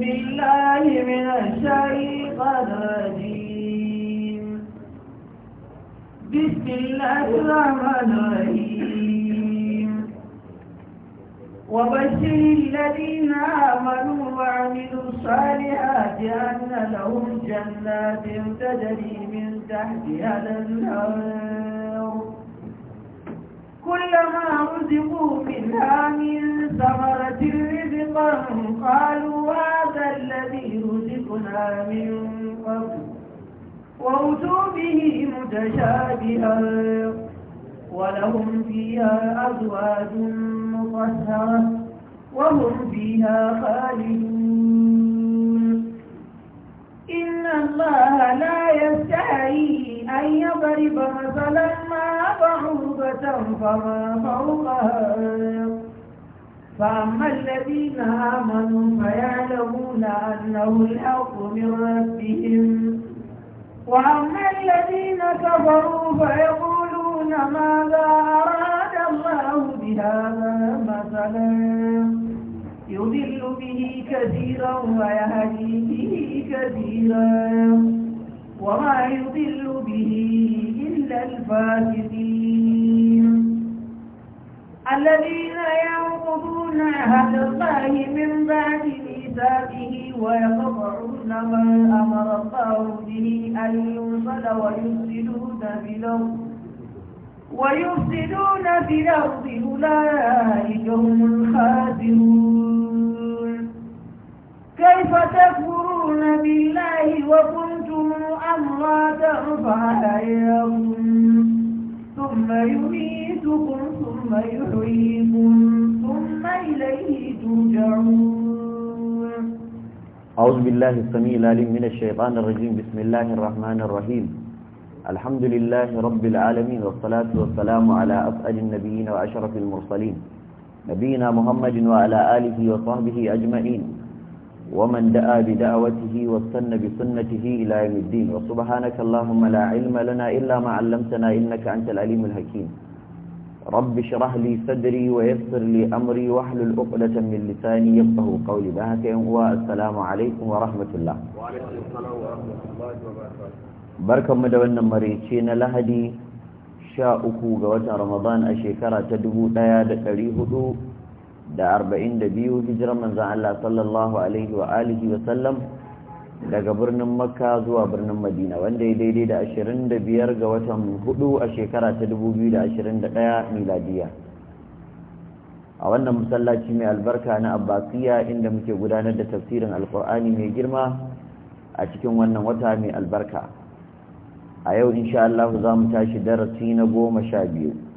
بالله من الشيطان الرجيم بسم الله الرحمن الرحيم وبشر الذين آمنوا وعملوا الصالحات أن لهم جنات تجري من تحتها الأنهار كلما رزقوا منها من ثمرة الرزق منهم قالوا هذا الذي رزقنا من قبل وأتوا به متشابها ولهم فيها أزواج مطهرة وهم فيها خالدون إن الله لا يستحي أن يضرب مثلا ما بعوضة فما فوقها فأما الذين آمنوا فيعلمون أنه الحق من ربهم وأما الذين كفروا فيقولون ماذا أراد الله بهذا مثلا يضل به كثيرا ويهدي به كثيرا وما يضل به إلا الفاسقين الذين يعبدون عهد الله من بعد ميثاقه ويقطعون ما أمر الله به أن يوصل ويفسدون في الأرض ويفسدون في الأرض أولئك هم الخاسرون كيف تكفرون بالله وكنتم أمواتا فعليكم ثم يميتكم ثم يحييكم ثم إليه ترجعون أعوذ بالله السميع العليم من الشيطان الرجيم بسم الله الرحمن الرحيم الحمد لله رب العالمين والصلاة والسلام على أسأل النبيين وأشرف المرسلين نبينا محمد وعلى آله وصحبه أجمعين ومن دعا بدعوته واستنى بسنته إلى يوم الدين وسبحانك اللهم لا علم لنا إلا ما علمتنا إنك أنت العليم الحكيم رب اشرح لي صدري ويسر لي أمري واحلل عقدة من لساني يفقه قولي بهك والسلام عليكم ورحمة الله وعليكم السلام ورحمة الله وبركاته بركة مدونا مريتين لهدي sha uku ga watan ramadan a shekara ta dubu ɗaya da ɗari hudu da arba'in da biyu hijirar manzan Allah sallallahu alaihi wa alihi wa sallam daga birnin makka zuwa birnin madina wanda ya daidai da ashirin da biyar ga watan hudu a shekara ta dubu biyu da ashirin da miladiya a wannan masallaci mai albarka na abbasiya inda muke gudanar da tafsirin alkur'ani mai girma a cikin wannan wata mai albarka a yau insha za mu tashi darasi na goma sha biyu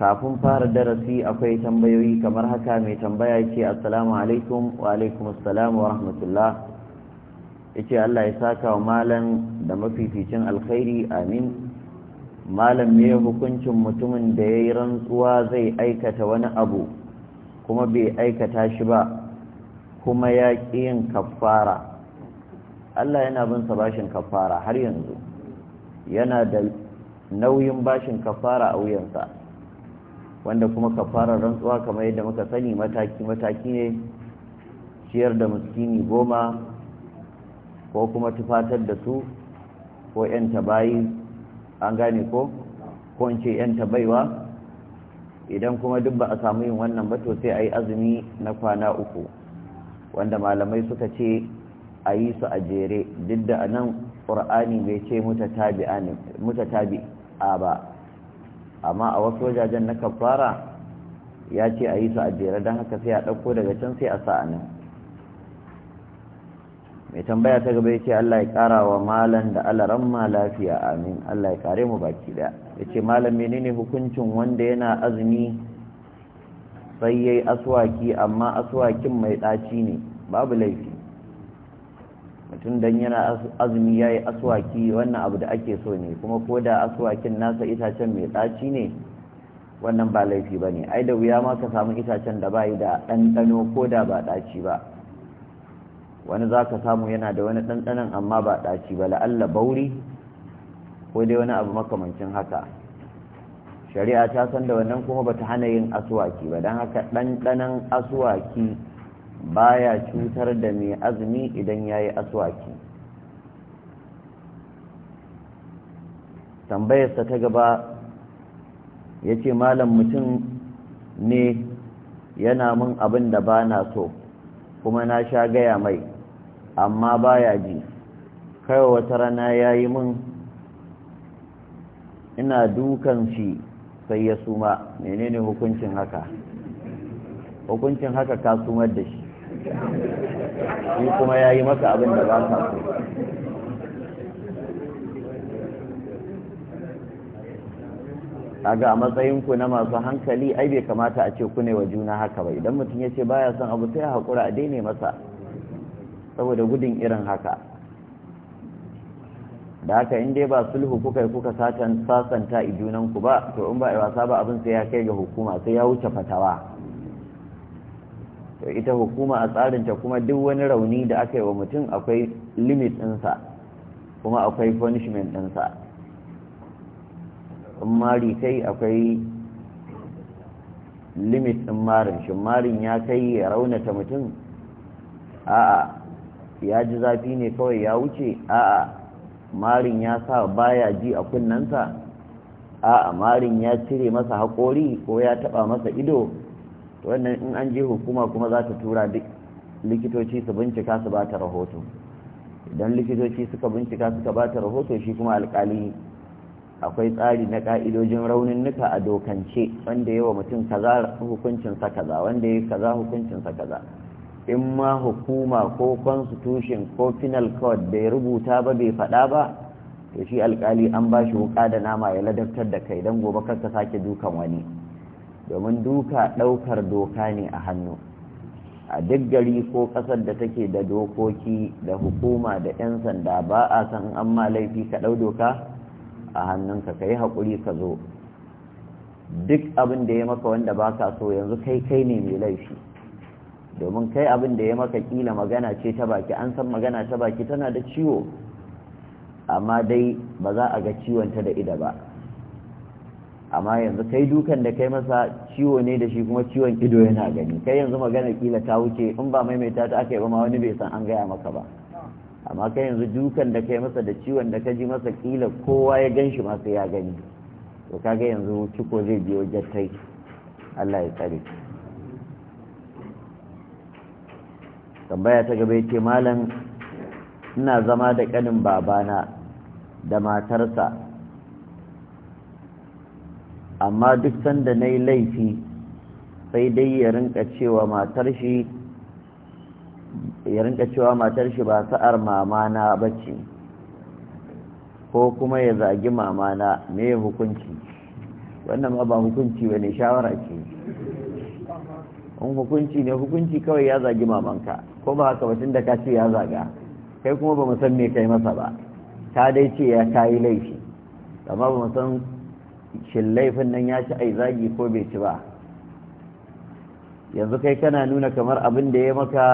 kafin fara darasi akwai tambayoyi kamar haka mai tambaya ce assalamu alaikum wa alaikum assalam wa rahmatullah yace Allah ya saka wa malam da mafificin alkhairi amin malam me hukuncin mutumin da yayi rantsuwa zai aikata wani abu kuma bai aikata shi ba kuma ya yin kafara Allah yana bin sa bashin kafara har yanzu yana da nauyin bashin kafara a wuyansa wanda kuma ka fara rantsuwa kamar yadda muka sani mataki-mataki ne ciyar da muskini goma ko kuma tufatar da su ko yan tabayi an gane ko ko yan tabaiwa idan kuma duk ba a samu yin wannan ba to sai a yi azumi na kwana uku wanda malamai suka ce a yi su a jere duk da nan ƙur'ani bai ce mutatabi a ba amma a wasu wajajen na kafara ya ce a yi su a jere don haka sai a ɗauko daga can sai a sa nan mai tambaya ta gaba ya ce Allah ya ƙara wa malan da alaran ma lafiya amin Allah ya ƙare mu baki ɗaya ya ce malam menene hukuncin wanda yana azumi sai ya yi aswaki amma aswakin mai ɗaci ne babu laifi mutum dan yana azumi yayi aswaki wannan abu da ake so ne kuma ko da aswakin nasa itacen mai ɗaci ne wannan ba laifi bane ne ai da wuya ma ka samu itacen da bayi da ɗanɗano ko da ba ɗaci ba wani za samu yana da wani ɗanɗanon amma ba ɗaci ba la'alla bauri ko dai wani abu makamancin haka shari'a ta san da wannan kuma bata hana yin aswaki ba dan haka ɗanɗanon aswaki baya cutar da mai azumi idan ya yi aswaki tambayarsa ta gaba ya ce malam mutum ne yana min abin da ba na so kuma na sha gaya mai amma baya ji kai wata rana ya yi min ina dukan shi sai ya suma menene hukuncin haka hukuncin haka ka sumar da shi shi kuma ya yi masa abin da ba sa so kaga a matsayin ku na masu hankali ai bai kamata a ce ku ne wa juna haka ba idan mutum ya ce baya son abu sai haƙura a daine masa saboda gudun irin haka da haka in dai ba sulhu kuka kuka sasanta sasanta junanku ba to in ba a wasa ba abin sai ya kai ga hukuma sai ya wuce fatawa to ita hukuma a tsarinta kuma duk wani rauni da aka yi wa mutum akwai limit ɗinsa kuma akwai punishment ɗinsa in mari kai akwai limit ɗin marin shi marin ya kai ya raunata mutum a'a ya ji zafi ne kawai ya wuce a'a marin ya sa baya ji a kunnensa a'a marin ya cire masa haƙori ko ya taɓa masa ido wannan in an je hukuma kuma za ta tura duk likitoci su bincika su ba ta rahoto idan likitoci suka bincika suka ba ta rahoto shi kuma alkali akwai tsari na ka'idojin raunin nuka a dokance wanda yawa mutum kaza hukuncinsa kaza wanda ya kaza hukuncinsa kaza in ma hukuma ko constitution ko final code bai rubuta ba bai faɗa ba to shi alkali an ba shi wuka da nama ya ladabtar da kai don gobe kar ka sake dukan wani domin duka ɗaukar doka ne a hannu a duk gari ko ƙasar da take da dokoki da hukuma da 'yan sanda ba a san an ma laifi ka ɗau doka a hannunka ka yi haƙuri ka zo duk abin da ya maka wanda ba ka so yanzu kai kai ne mai laifi domin kai abin da ya maka kila magana ce ta baki an san magana ta baki tana da ciwo amma dai ba za a ga ciwonta da ida ba amma yanzu kai dukan da kai masa ciwo ne da shi kuma ciwon ido yana gani kai yanzu magana kila ta wuce in ba maimaita ta aka yi ba ma wani bai san an gaya maka ba amma kai yanzu dukan da kai masa da ciwon da ka ji masa kila kowa ya gan shi masu ya gani to kaga yanzu ciko zai biyo jattai Allah ya tsare tambaya ta gaba ce malam ina zama da kanin babana da matarsa amma duk sanda na yi laifi sai dai ya rinka cewa matar shi ya cewa matar shi ba sa'ar mamana ba ce ko kuma ya zagi mamana me hukunci wannan ma ba hukunci ba ne shawara ce in hukunci ne hukunci kawai ya zagi mamanka ko ba haka batun da ka ce ya zaga kai kuma ba san me kai masa ba ta dai ce ya kayi laifi amma ba san shin laifin nan ya ci ai zagi ko bai ci ba yanzu kai kana nuna kamar abin da ya maka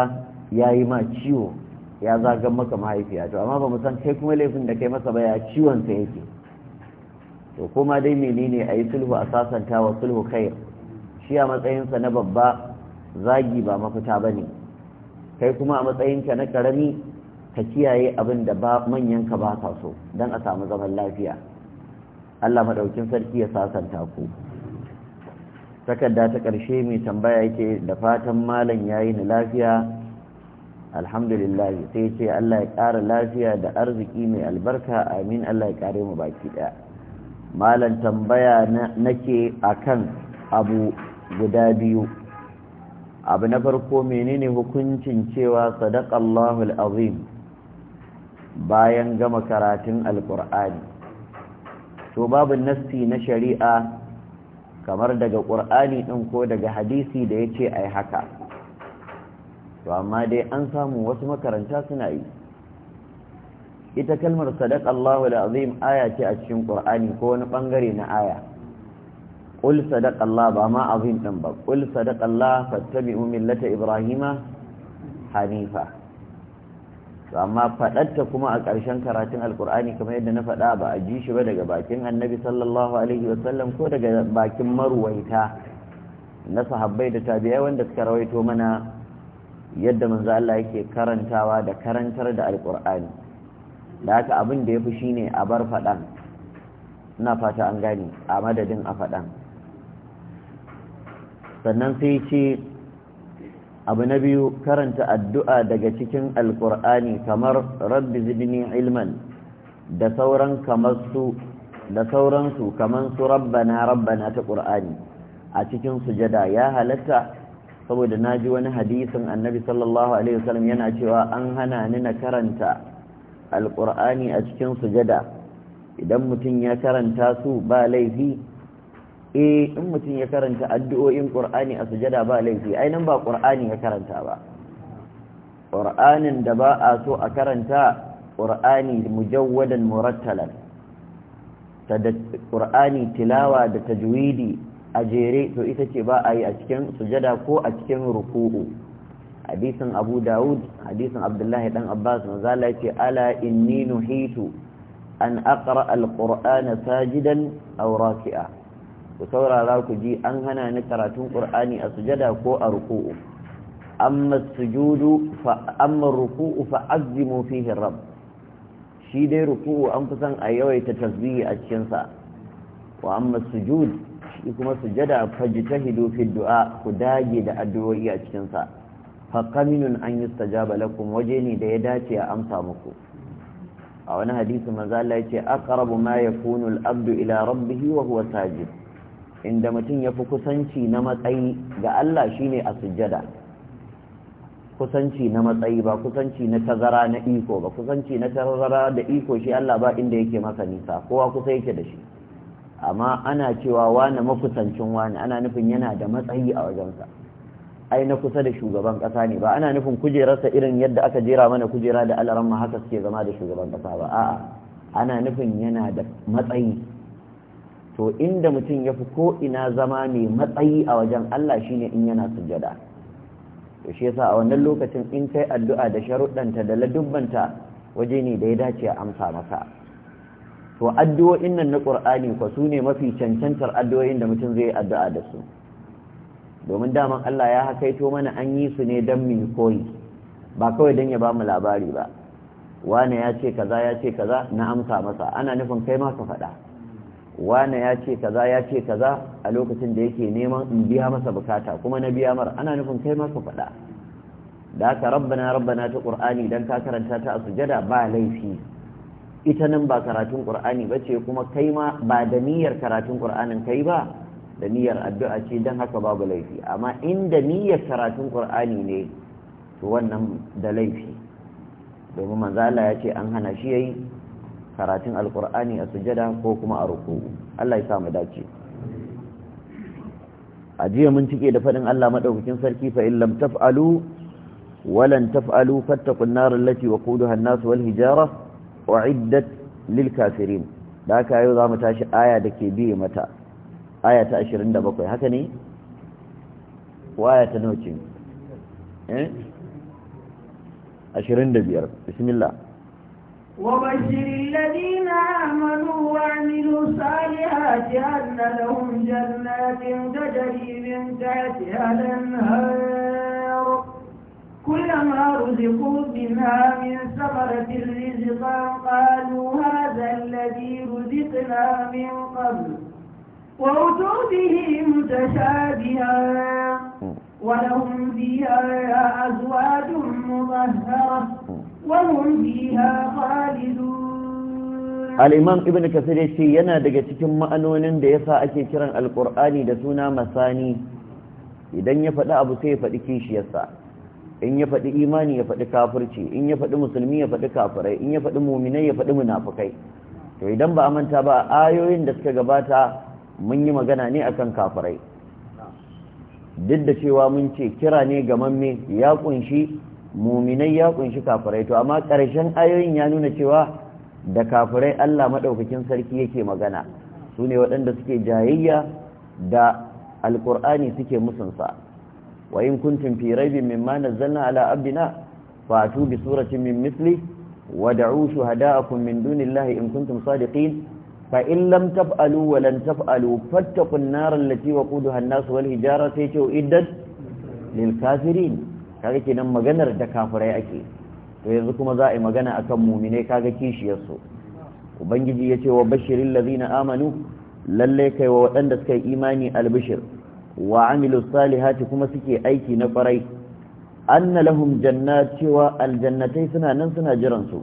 ya yi ma ciwo ya zagan maka mahaifiya to amma ba san kai kuma laifin da kai masa ba ya ciwon sa yake to kuma dai menene a yi sulhu a sasanta wa sulhu kai? shi a matsayinsa na babba zagi ba mafita ba ne kai kuma a matsayinka na karami ka kiyaye abin da manyanka ba ka so don a samu zaman lafiya Allah maɗaukin sarki ya sasanta ku takarda ta ƙarshe mai tambaya yake da fatan malam yayi ni lafiya alhamdulillah sai ce Allah ya ƙara lafiya da arziki mai albarka amin Allah ya ƙare mu baki ɗaya malam tambaya nake kan abu guda biyu abu na farko menene hukuncin cewa sadaqallahu Azim bayan gama karatun alqur'ani to babu nassi na shari'a kamar daga ƙur'ani ɗin ko daga hadisi da ya ce a haka to amma dai an samu wasu makaranta suna yi ita kalmar sadaq Allahu azim aya ce a cikin ƙur'ani ko wani ɓangare na aya ƙul sadaq Allah ba ma azim ɗin ba ƙul sadaq Allah fattabi'u millata Ibrahima hanifa amma faɗatta kuma a ƙarshen karatun alkur'ani kamar yadda na faɗa ba a ji shi ba daga bakin annabi sallallahu alaihi wasallam ko daga bakin maruwaita na sahabbai da tabi'ai wanda suka rawaito mana yadda manzo Allah yake karantawa da karantar da alkur'ani da haka abin da yafi shine a bar faɗan ina fata an gane a madadin a faɗan sannan sai ce abu na biyu karanta addu'a daga cikin alkur'ani kamar rabbi zidni ilman da sauran kamar da sauransu kamar su rabbana rabbana ta ƙur'ani a cikin sujada ya halatta saboda na ji wani hadisin annabi sallallahu alaihi wasallam yana cewa an hana ni na karanta Alƙur'ani a cikin sujada idan mutum ya karanta su ba laifi eh in mutum ya karanta addu'o'in qur'ani a sujada ba laifi ai nan ba qur'ani ya karanta ba qur'anin da ba a so a karanta qur'ani mujawwadan murattalan qur'ani tilawa da tajwidi a jere to ita ce ba a yi a cikin sujada ko a cikin ruku'u hadisin abu da'ud hadisin abdullahi dan abbas zalla yace ala inni nuhitu an aqra alqur'ana sajidan aw raki'a ku saurara ku ji an hana ni karatun ƙur'ani a sujada ko a ruku'u amma sujudu fa amma ruku'u fa azimu fihi rabb shi dai ruku'u an fi san a yawaita tasbihi a cikin sa wa amma sujud shi kuma sujada fajtahidu fi du'a ku dage da addu'o'i a cikin sa fa qaminun an yustajaba lakum waje ne da ya dace a amsa muku a wani hadisi manzo Allah yace aqrabu ma yakunu al-abdu ila rabbihi wa huwa sajid inda mutum ya fi kusanci na matsayi ga Allah shine a sujjada kusanci na matsayi ba kusanci na tazara na iko ba kusanci na tazara da iko shi Allah ba inda yake masa nisa kowa kusa yake da shi amma ana cewa wani makusancin wani ana nufin yana da matsayi a wajensa ai na kusa da shugaban kasa ne ba ana nufin kujerarsa irin yadda aka jera mana kujera da alaran haka suke zama da shugaban kasa ba a'a ana nufin yana da matsayi to inda mutum ya fi ko'ina zama mai matsayi a wajen Allah shi ne in yana sujada. to shi yasa a wannan lokacin in kai addu'a da sharuɗanta da ladubbanta waje ne da ya dace a amsa masa to addu'o'in nan na ƙur'ani kwa su ne mafi cancantar addu'o'in da mutum zai addu'a da su domin daman Allah ya hakaito mana an yi su ne don min koyi ba kawai don ya ba mu labari ba wane ya ce kaza ya ce kaza na amsa masa ana nufin kai ma ka faɗa wane ya ce kaza ya ce kaza a lokacin da yake neman in biya masa bukata kuma na biya mara ana nufin kai masa faɗa da aka rabbana rabbana ta ƙur'ani don ka karanta ta a sujada ba laifi ita nan ba karatun ƙur'ani ba ce kuma kai ma ba da niyyar karatun ƙur'anin kai ba da niyyar addu'a ce don haka babu laifi amma inda niyyar karatun ƙur'ani ne to wannan da laifi domin manzala ya ce an hana shi ya yi. karatun alkur'ani a sujada ko kuma a ruku Allah ya sa mu dace a jiya mun cike da fadin Allah madaukakin sarki fa in lam taf'alu walan taf'alu fattaqun nar allati waqudaha an-nas wal hijara uiddat lil kafirin da haka yau zamu tashi aya dake biye mata aya ta 27 haka ne waya ta nauce eh 25 bismillah وبشر الذين آمنوا وعملوا الصالحات أن لهم جنات تجري من تحتها الأنهار كلما رزقوا منها من ثمرة رزقا قالوا هذا الذي رزقنا من قبل وأتوا به متشابها ولهم فيها أزواج مطهرة وهم فيها خالدون yana daga cikin ma’anonin da ya sa ake kiran alƙur'ani da suna maSani idan ya faɗi abu sai ya faɗi kishiyarsa in ya faɗi imani ya faɗi kafirci in ya faɗi musulmi ya faɗi kafirai in ya faɗi muminai ya faɗi munafukai to idan ba a manta ba ayoyin da suka gabata mun yi magana ne akan kafirai duk da cewa mun ce kira ne ga mamme ya ƙunshi. muminai ya kunshi kafirai to amma ƙarshen ayoyin ya nuna cewa da kafirai Allah maɗaukakin sarki yake magana su ne waɗanda suke jayayya da alkur'ani suke musunsa wa in kuntum fi raibin mimma nazzalna ala abdina fatu bi suratin min misli wad'u shuhada'akum min dunillahi in kuntum sadiqin فإن لم تفعلوا ولن تفعلوا فاتقوا النار التي وقودها الناس والهجارة تيتوا إدد للكافرين kaga kenan maganar da kafirai ake to yanzu kuma za a yi magana akan muminai kaga kishiyarsu ubangiji ya ce wa bashirin lazina amanu lalle kai wa waɗanda suka yi imani albishir wa amilu salihati kuma suke aiki na kwarai An lahum jannat cewa aljannatai suna nan suna jiran su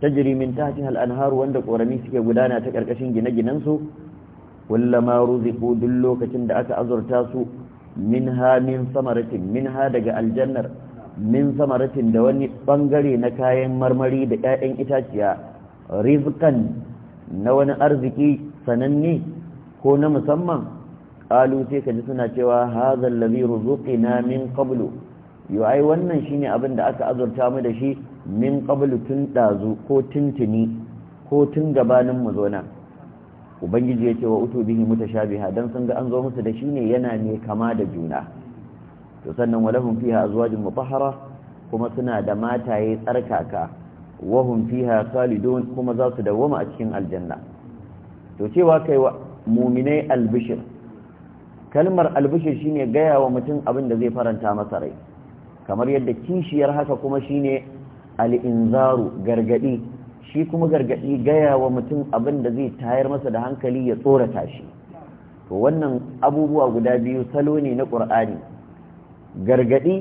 Ta min tahtiha al-anhar wanda korami suke gudana ta ƙarƙashin gine-ginen su kullama ruziqu duk lokacin da aka azurta su min ha min samaratin ha daga aljannar min samaratin da wani bangare na kayan marmari da 'ya'yan itaciya rizqan na wani arziki sananne ko na musamman qalu sai kaji suna cewa hadha allazi ruzuqina min qablu yo ai wannan shine abin da aka azurta mu da shi min qablu tun dazu ko tuntuni ko tun gabanin mu zo nan ubangiji ya ce wa utu bihi mutashabiha dan sun ga an zo musu da shi ne yana ne kama da juna to sannan walahum fiha azwajun mutahhara kuma suna da mataye tsarkaka wahum fiha khalidun kuma za su dawoma a cikin aljanna to cewa kai wa mu'minai albishir kalmar albishir shine gaya wa mutum abin da zai faranta masa rai kamar yadda kishiyar haka kuma shine al-inzaru gargadi shi kuma gargaɗi gaya wa mutum abin da zai tayar masa da hankali ya tsorata shi to wannan abubuwa guda biyu salo ne na ƙur'ani gargaɗi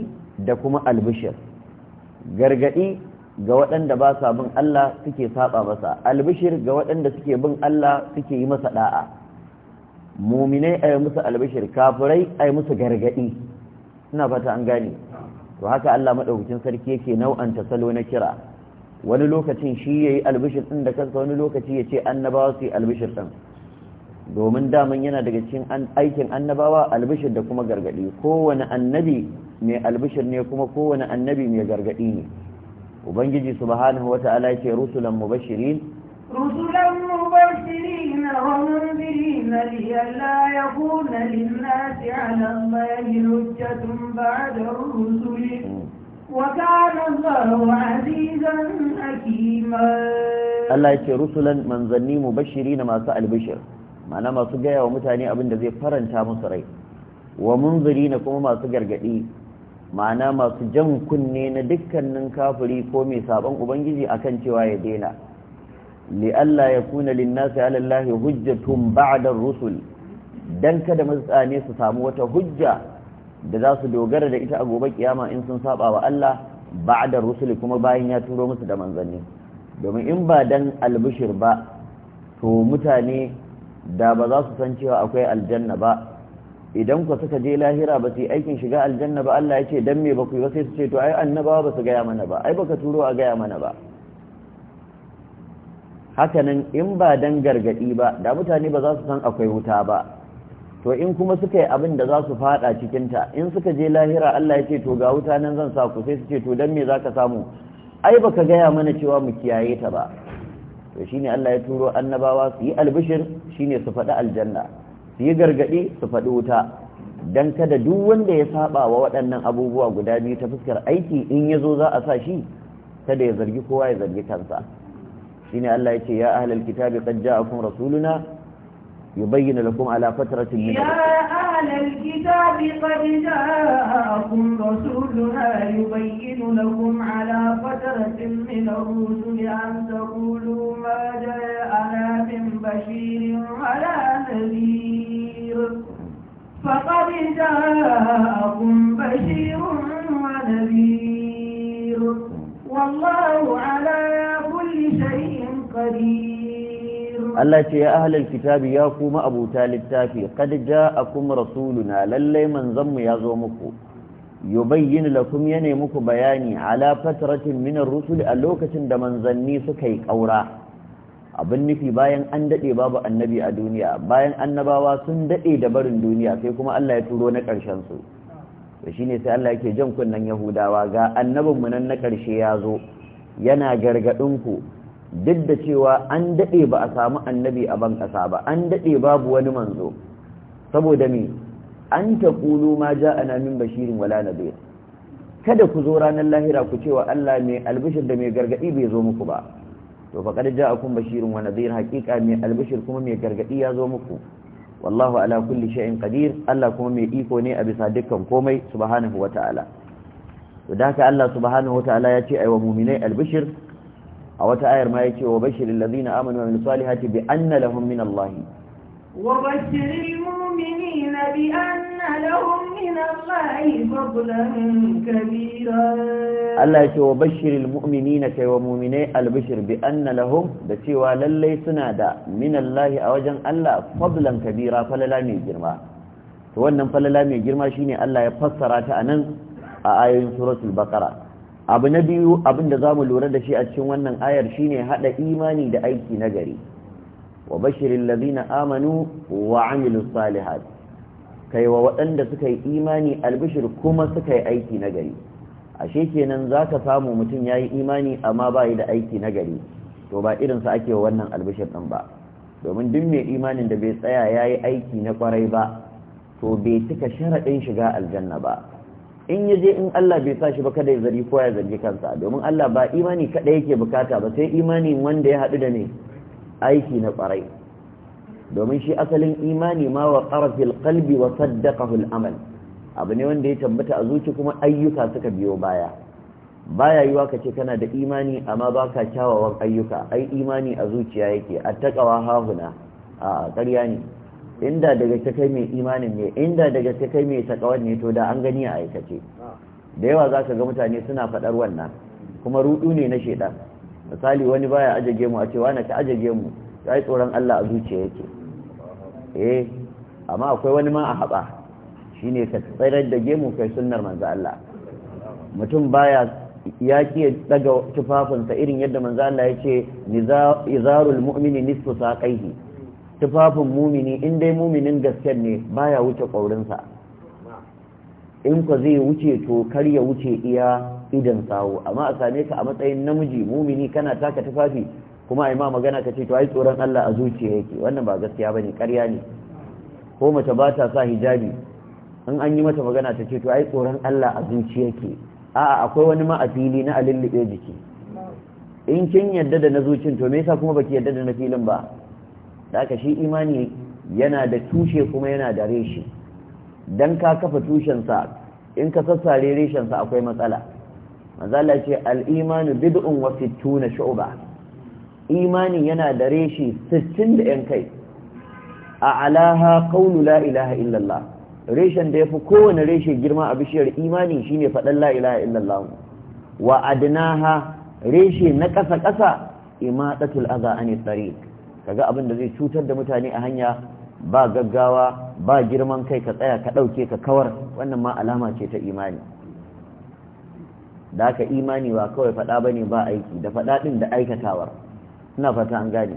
da kuma albishir gargaɗi ga waɗanda ba sa bin Allah suke saba masa albishir ga waɗanda suke bin Allah suke yi masa da'a muminai yi musu albishir kafirai yi musu gargaɗi ina fata an gane to haka Allah madaukakin sarki yake nau'anta salo na kira wani lokacin shi ya yi albishir ɗin da kansa wani lokaci ya ce annabawa su yi albishir ɗin domin daman yana daga cikin aikin annabawa albishir da kuma gargaɗi kowane annabi mai albishir ne kuma kowane annabi mai gargaɗi ne ubangiji subhanahu wata ala ce rusulan mubashirin رسلا مبشرين ومنذرين لئلا يكون للناس وكان الله عزيزا حكيما Allah ya ce rusulan manzanni bashiri na masu albishir ma'ana masu gaya wa mutane abin da zai faranta musu rai wa munziri na kuma masu gargadi ma'ana masu jan kunne na dukkanin kafiri ko mai saban ubangiji akan cewa ya daina li Allah ya kuna linnasi ala hujjatun ba'da rusul dan kada mutane su samu wata hujja da za su dogara da ita a gobe kiyama in sun saba wa Allah ba'da rusuli kuma bayan ya turo musu da manzanni domin in ba dan albishir ba to mutane da ba za su san cewa akwai aljanna ba idan ku suka je lahira ba su yi aikin shiga aljanna ba Allah ya ce dan me ba ku yi ba sai su ce to ai annabawa ba su gaya mana ba ai baka turo a gaya mana ba hakanan in ba dan gargadi ba da mutane ba za su san akwai wuta ba to in kuma suka yi abin da za su fada cikinta in suka je lahira Allah ya ce to ga wuta nan zan sa ku sai su ce to dan me za ka samu ai baka gaya mana cewa mu kiyaye ta ba to shine Allah ya turo annabawa su yi albishir shine su faɗi aljanna su yi gargaɗi su faɗi wuta dan kada duk wanda ya saba wa waɗannan abubuwa guda biyu ta fuskar aiki in ya zo za a sa shi kada ya zargi kowa ya zargi kansa shine Allah ya ce ya ahlal kitabi qad ja'akum rasuluna يبين لكم على فترة من يا أهل الكتاب قد جاءكم رسولنا يبين لكم على فترة من الرسل أن تقولوا ما جاءنا من بشير ولا نذير فقد جاءكم بشير ونذير والله على كل شيء قدير Allah ce ya ahalar kitabi ya kuma abuta littafi a ja kuma rasulu na lallai manzanmu ya zo muku da kuma yana muku bayani ala fatratin minar rusul a lokacin da manzanni suka yi ƙaura. abin nufi bayan an daɗe babu annabi a duniya bayan annabawa sun daɗe da barin duniya sai kuma Allah ya turo na ƙarshensu su shi ne sai Allah yake jan kunnen yahudawa ga annabinmu nan na ƙarshe ya zo yana gargaɗinku duk da cewa an daɗe ba a samu annabi a ban ƙasa ba an daɗe babu wani manzo saboda me an ta ma ja a namin bashirin wala nadir kada ku zo ranar lahira ku cewa Allah mai albishir da mai gargaɗi bai zo muku ba to fa kada ja kun bashirin wa nadir haƙiƙa mai albishir kuma mai gargaɗi ya zo muku wallahu ala kulli shain qadir Allah kuma mai iko ne a bisa dukkan komai subhanahu wata'ala to da haka Allah subhanahu ta'ala ya ce wa mu'minai albishir a wata ayar ma ya wa bashiril ladina amanu wa amilus salihati bi anna lahum wa bashiril mu'minina bi anna lahum min Allah kabira Allah yake wa bashiril mu'minina kai wa mu'minai albashir bi da cewa lallai suna da minallahi a wajen Allah fadlan kabira falala mai girma wannan falala mai girma shine Allah ya fassara ta a nan a ayoyin suratul baqara abu na biyu abin da za mu lura da shi a cikin wannan ayar shine haɗa imani da aiki na gari wa bashirin lazina amanu wa amilu salihat kai wa waɗanda suka yi imani albishir kuma suka yi aiki na gari ashe kenan za ka samu mutum ya yi imani amma ba da aiki na gari to ba irinsa ake wa wannan albishir ɗin ba domin duk mai imanin da bai tsaya ya yi aiki na kwarai ba to bai cika sharaɗin shiga aljanna ba in ya je in Allah bai sa shi ba kada ya zari ko ya zargi kansa domin Allah ba imani kada yake bukata ba sai imani wanda ya haɗu da ne aiki na ƙwarai domin shi asalin imani ma wa ƙarfil qalbi wa saddaqahu al-amal abu ne wanda ya tabbata a zuci kuma ayyuka suka biyo baya baya yiwa ka ce kana da imani amma baka kyawawan ayyuka ai imani a zuciya yake attaqawa hahuna a ƙarya ne inda daga ta kai mai imanin ne inda daga ta kai mai takawar ne to da an gani a aikace da yawa za ka ga mutane suna faɗar wannan kuma rudu ne na shaidan misali wani baya ajage mu a cewa na ta ajage mu ya yi tsoron Allah a zuciya yake eh amma akwai wani ma a haɓa shi ne ka tsirar da gemu kai sunnar manzo Allah mutum baya ya ƙi daga tufafinsa irin yadda manzo Allah ya ce izarul mu'mini nisfu saqaihi tufafin mumini in dai muminin gasken ne baya wuce ƙaurinsa in ka zai wuce to kar ya wuce iya idan tsawo amma a same ka a matsayin namiji mumini kana taka tufafi kuma a ma magana ka ce to ai tsoron Allah a zuciya yake wannan ba gaskiya bane ƙarya ne ko mace ba ta sa hijabi in an yi mata magana ta ce to ai tsoron Allah a zuciya yake a'a akwai wani ma a fili na alillibe jiki in kin yarda da na zuciya to me yasa kuma baki yarda da na filin ba da shi imani yana da tushe kuma yana da reshe dan ka kafa tushensa in ka sassare reshensa akwai matsala manzala ce al'imanu bid'un wa fituna shu'ba imani yana da reshe 60 da yan kai a alaha qawlu la ilaha illallah reshen da yafi kowane reshe girma a bishiyar imani shine faɗan la ilaha illallah wa adnaha reshe na ƙasa ƙasa imatatul adha anit tariq kaga abin da zai cutar da mutane a hanya ba gaggawa ba girman kai ka tsaya ka ɗauke ka kawar wannan ma alama ce ta imani da aka imani ba kawai faɗa ba ne ba aiki da faɗa ɗin da aikatawar ina fata an gane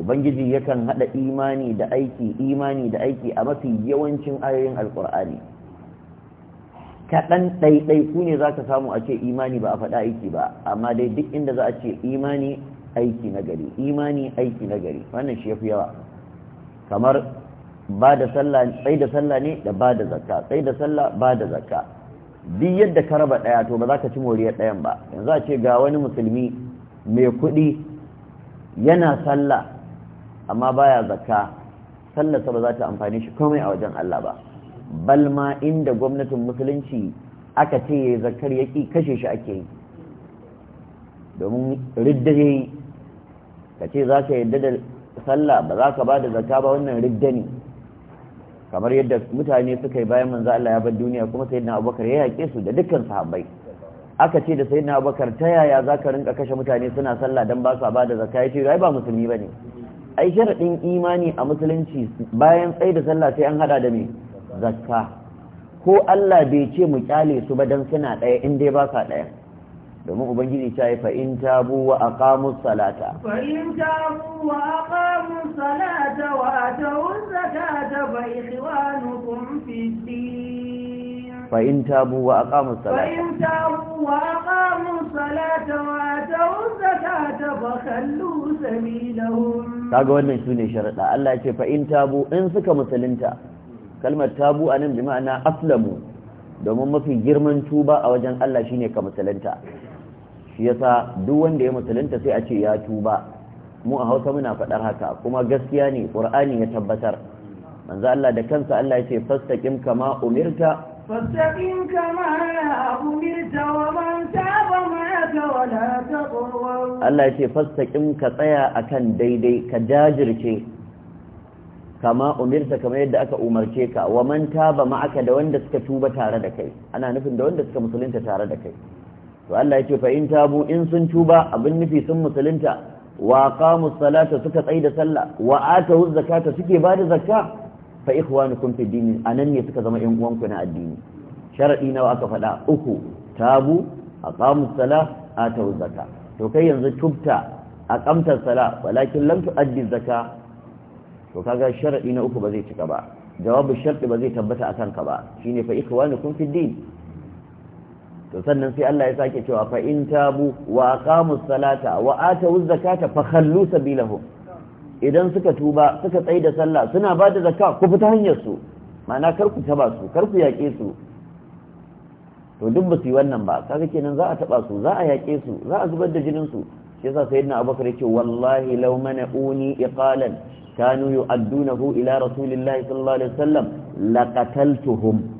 ubangiji yakan haɗa imani da aiki imani da aiki a mafi yawancin ayoyin alƙur'ani kaɗan ɗaiɗai ku ne za ka samu a ce imani ba a faɗa aiki ba amma dai duk inda za a ce imani aiki na imani aiki nagari gari wannan shi yafi yawa kamar ba da sallah sai da sallah ne da ba da zakka sai da sallah ba da zakka duk yadda ka raba daya to ba za ka ci moriyar dayan ba yanzu a ce ga wani musulmi mai kuɗi yana sallah amma baya zakka sallasa ba za ta amfani shi komai a wajen Allah ba bal ma inda gwamnatin musulunci aka ce zakkar yaki kashe shi ake yi domin ridda ka ce za ka yadda da sallah ba za ka ba da zakka ba wannan ridda ne kamar yadda mutane suka yi bayan manzo Allah ya bar duniya kuma sayyidina Abubakar ya yake su da dukkan sahabbai aka ce da sayyidina Abubakar ta yaya za ka rinka kashe mutane suna sallah dan ba su ba da zakka yace ai ba musulmi bane ai sharadin imani a musulunci bayan tsaye da sallah sai an hada da me zakka ko Allah bai ce mu kyale su ba dan suna daya in dai ba sa ɗaya? domin ubangiji ta yi fa'in tabu wa aqamus salata fa'in tabu wa aqamus salata wa atawun zakata bai ikhwanukum fid din fa'in tabu wa aqamus salata fa'in tabu wa aqamus salata wa atawun zakata fa khallu Ta ga wannan shine sharada Allah ce fa'in tabu in suka musulunta kalmar tabu nan bi ma'ana aslamu domin mafi girman tuba a wajen Allah shine ka musulunta shi yasa duk wanda ya musulunta sai a ce ya tuba mu a hausa muna faɗar haka kuma gaskiya ne ƙur'ani ya tabbatar manzo Allah da kansa Allah ce fastaqim kama umirta fastaqim kama umirta wa man taba ma ta wala taqwa Allah ce fastaqim ka tsaya akan daidai ka jajirce kama umirta kama yadda aka umarce ka wa man taba ma aka da wanda suka tuba tare da kai ana nufin da wanda suka musulunta tare da kai to Allah ya ce fa in tabu in sun tuba abin nufi sun musulunta wa qamu salata suka tsai da sallah wa atu zakata suke bada zakka fa ikhwanukum fi dini anan ne suka zama yan uwanku na addini sharadi nawa aka faɗa uku tabu aqamu salah atu zakka to kai yanzu tubta aqamta salah walakin lam tuaddi zakka to kaga sharadi na uku ba zai cika ba jawabu sharadi ba zai tabbata akan ka ba shine fa ikhwanukum fi dini to sannan sai Allah ya sake cewa fa in tabu wa aqamus salata wa atawuz zakata fa khallu sabilahum idan suka tuba suka tsaye da sallah suna ba da zakka ku fita hanyar su ma'ana kar ku taba su kar ku yaƙe su to duk ba su yi wannan ba kaga kenan za a taba su za a yaƙe su za a zubar da jinin su shi yasa sayyidina abubakar yake wallahi law mana'uni iqalan kanu yu'addunahu ila rasulillahi sallallahu alaihi wasallam laqataltuhum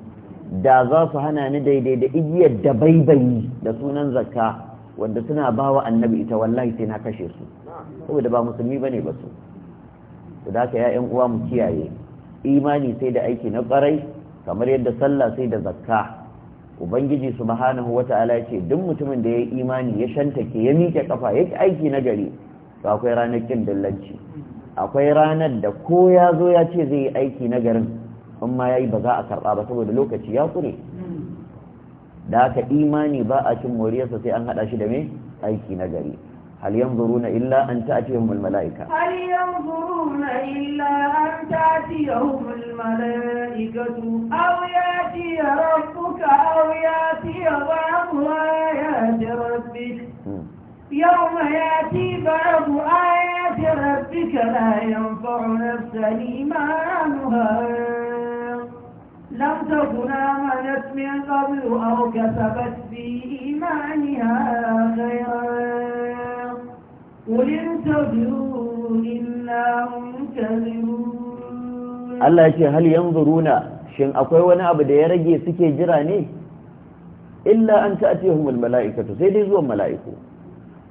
da za su hana ni daidai da igiyar da baibayi da sunan zakka wanda suna bawa annabi ita wallahi sai na kashe su saboda ba musulmi bane ba su to da haka ya uwa mu kiyaye imani sai da aiki na ƙwarai kamar yadda sallah sai da zakka ubangiji su subhanahu wata'ala ya ce duk mutumin da ya yi imani ya ke, ya miƙe kafa ya aiki na gari to akwai ranar kin dillanci akwai ranar da ko ya zo ya ce zai yi aiki na garin in ma yayi ba za a karba ba saboda lokaci ya kure da haka imani ba a cin moriyarsa sai an hada shi da me aiki na gari hal yanzuruna illa an ta'tiyahum al malaika hal yanzuruna illa an ta'tiyahum al malaikatu aw yati rabbuka aw yati ba'du ayati rabbika يوم يأتي بعض آيات ربك لا ينفع نفسا إيمانها لم تكن آمنت من قبل أو كسبت في إيمانها خيرا قل انتظروا إنا منتظرون الله يقول هل ينظرون shin akwai wani abu da ya rage suke jira ne illa an ta'atihumul mala'ikatu sai dai zuwan mala'iku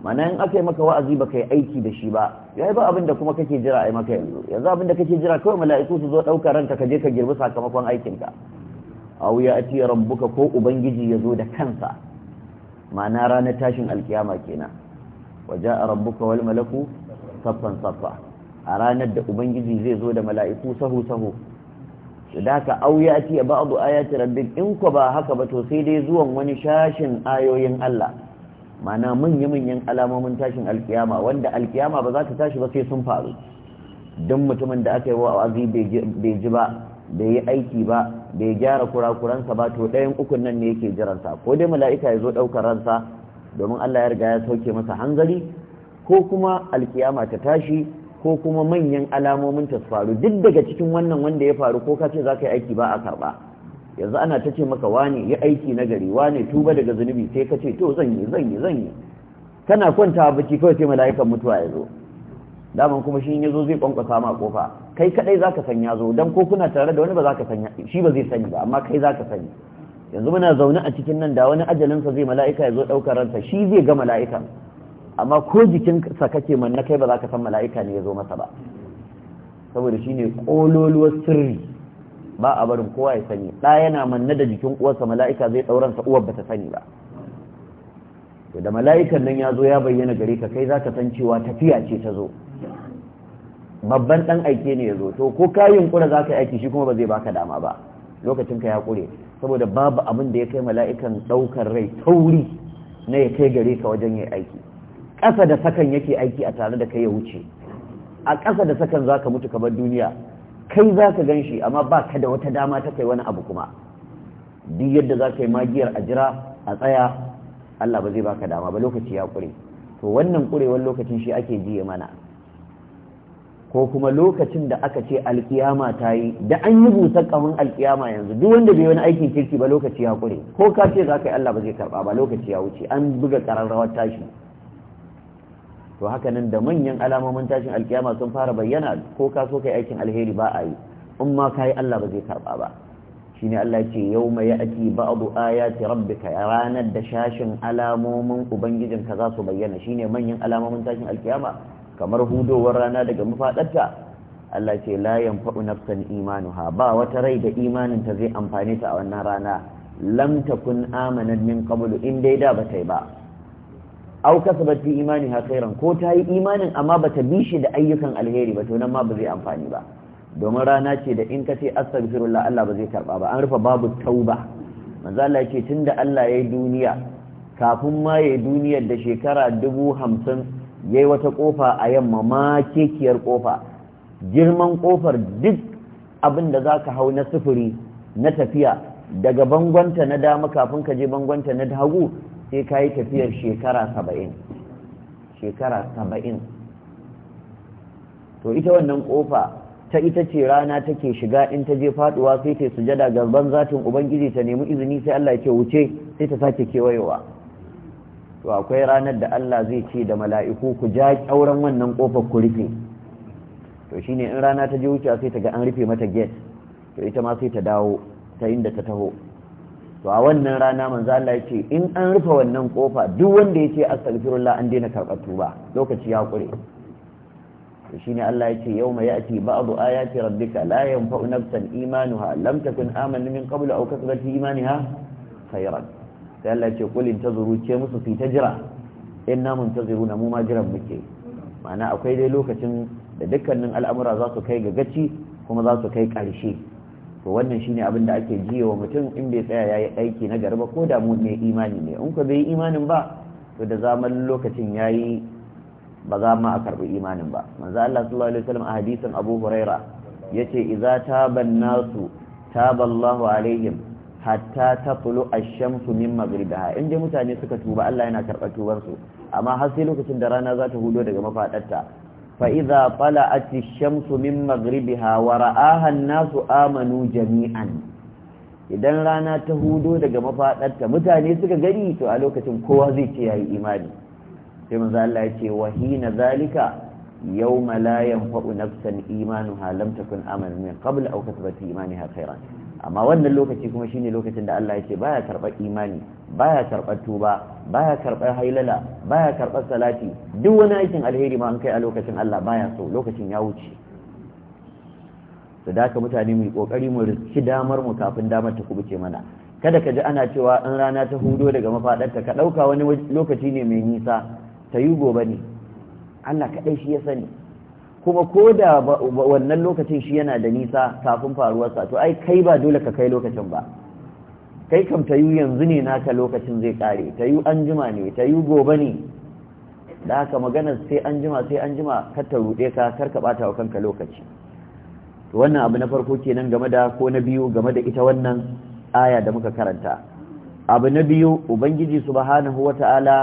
mana in aka yi maka wa'azi ba ka yi aiki da shi ba yayi ba abinda kuma kake jira a yi maka yanzu yanzu abinda kake jira kawai mala'iku su zo ɗaukar ranka ka je ka girbi sakamakon aikinka aw ya ati rabbuka ko ubangiji ya zo da kansa ma'ana ranar tashin alkiyama kenan waje a rabbuka wal malaku saffan saffa a ranar da ubangiji zai zo da mala'iku sahu sahu sadaka aw ya ati ba'du ayati rabbik in ku ba haka ba to sai dai zuwan wani shashin ayoyin Allah mana manya-manyan alamomin tashin alkiyama wanda alkiyama ba za ta tashi ba sai sun faru don mutumin da aka yi wa azi bai ji ba bai yi aiki ba bai gyara kurakuransa ba to ɗayan ukun nan ne yake jiransa ko dai mala'ika ya zo ɗaukar ransa domin allah ya riga ya sauke masa hanzari ko kuma alkiyama ta tashi ko kuma manyan alamomin ta su faru duk daga cikin wannan wanda ya faru ko ka ce za ka yi aiki ba a karɓa yanzu ana ta ce maka wane ya aiki na gari wane tuba daga zunubi sai ka ce to zan yi zan kana kwanta bacci kawai sai mala'ikan mutuwa ya zo daman kuma shi ya zo zai kwankwasa ma kofa kai kadai zaka san zo dan ko kuna tare da wani ba zaka san shi ba zai sani ba amma kai zaka sani yanzu muna zaune a cikin nan da wani ajalin sa zai mala'ika ya zo daukar ransa shi zai ga mala'ikan amma ko sa kake manna kai ba zaka san mala'ika ne ya zo masa ba saboda shine kololuwar sirri ba a barin kowa ya sani ɗa yana manna da jikin uwarsa mala'ika zai ɗauransa uwar bata sani ba to da mala'ikan nan ya zo ya bayyana gare ka kai za ka san cewa tafiya ce ta zo babban ɗan aike ne ya zo to ko ka yunƙura za ka yi aiki shi kuma ba zai baka dama ba lokacin ka ya ƙure saboda babu abin da ya kai mala'ikan ɗaukar rai tauri na ya kai gare ka wajen yin aiki ƙasa da sakan yake aiki a tare da kai ya wuce a ƙasa da sakan za ka mutu kamar duniya kai za ka gan shi amma ba ka da wata dama ta kai wani abu kuma duk yadda za ka yi magiyar a jira a tsaya Allah ba zai ba ka dama ba lokaci ya kure to wannan kurewar lokacin shi ake jiye mana ko kuma lokacin da aka ce alkiyama ta yi da an yi busar kamun alkiyama yanzu duk wanda bai wani aikin kirki ba lokaci ya kure ko ka ce za ka yi Allah ba zai karba ba lokaci ya wuce an buga kararrawar tashi to haka nan da manyan alamomin tashin alkiyama sun fara bayyana ko ka so kai aikin alheri ba a yi in ma yi Allah ba zai karba ba shine Allah ya ce yawma ya'ti ba'du ayati rabbika ranar da shashin alamomin ubangijin ka za su bayyana shine manyan alamomin tashin alkiyama kamar hudowar rana daga mafadarta Allah ce la yanfa'u nafsan imanuha ba wata rai da imanin ta zai amfane ta a wannan rana lam takun amanan min in dai da ba ta yi ba au kasabat fi imaniha khairan ko ta yi imanin amma bata bi shi da ayyukan alheri ba to nan ma ba zai amfani ba domin rana ce da in ka ce astaghfirullah Allah ba zai karba ba an rufe babu tauba manzo Allah yake tunda Allah yayi duniya kafin ma yayi duniyar da shekara dubu hamsin yayi wata kofa a yamma ma kekiyar kofa girman kofar duk abin da zaka hau na sufuri na tafiya daga bangonta na dama kafin ka je bangonta na hagu sai ka yi tafiyar shekara saba'in shekara saba'in to ita wannan kofa ta ita ce rana take shiga in ta je faduwa sai ta sujada gaban zatin ubangiji ta nemi izini sai Allah ya wuce sai ta sake kewayewa to akwai ranar da Allah zai ce da mala'iku ku ja auren wannan kofar ku rufe to shine in rana ta je wuce sai ta ga an rufe mata gate to ita ma sai ta dawo ta inda ta taho to a wannan rana manzo Allah ce in an rufe wannan kofa duk wanda ya ce astaghfirullah an daina karɓar tuba lokaci ya kure to shine Allah ya ce yawma ya'ti ba'du ayati rabbika la yanfa'u nafsan imanuha lam takun amanu min qablu aw kasabat imaniha khayran sai Allah ya ce intazuru ce musu fi tajra inna muntaziruna mu ma jiran muke ma'ana akwai dai lokacin da dukkanin al'amura za su kai ga gaci kuma za su kai ƙarshe to wannan shine abin da ake jiya wa mutum in bai tsaya yayi aiki na garba ko da mu ne imani ne in ko bai imanin ba to da zaman lokacin yayi ba za ma a karbi imanin ba manzo Allah sallallahu alaihi wasallam a hadisin Abu Huraira yace idza taban nasu taballahu alaihim hatta taqulu ash-shamsu min maghribiha dai mutane suka tuba Allah yana karɓar su amma har sai lokacin da rana za ta hudo daga mafadarta فإذا طلعت الشمس من مغربها ورآها الناس آمنوا جميعا idan rana ta hudo daga mafadarta mutane suka gani to a lokacin kowa zai ce yayi imani sai manzo Allah ya ce wahina zalika yawma la yanfa'u nafsan imanuha lam takun amanat min qabl aw kasabat imanaha khairan amma wannan lokaci kuma shine lokacin da Allah yake baya karɓar imani baya karɓar tuba baya karɓar hailala baya karɓar salati duk wani aikin alheri ma an kai a lokacin Allah baya so lokacin ya wuce da haka mutane mu kokari mu riski damar mu kafin damar ta kubuce mana kada ka ji ana cewa in rana ta hudo daga mafadarta ka dauka wani lokaci ne mai nisa ta yi gobe ne Allah kaɗai shi ya sani kuma ko da wannan lokacin shi yana da nisa kafin faruwarsa to ai kai ba dole ka kai lokacin ba kai kam ta yi yanzu ne naka lokacin zai kare ta yi an jima ne ta yi gobe ne da haka maganar sai an jima sai an jima kar ta ruɗe ka kar ka bata wa kanka lokaci wannan abu na farko kenan game da ko na biyu game da ita wannan aya da muka karanta abu na biyu ubangiji subhanahu wata'ala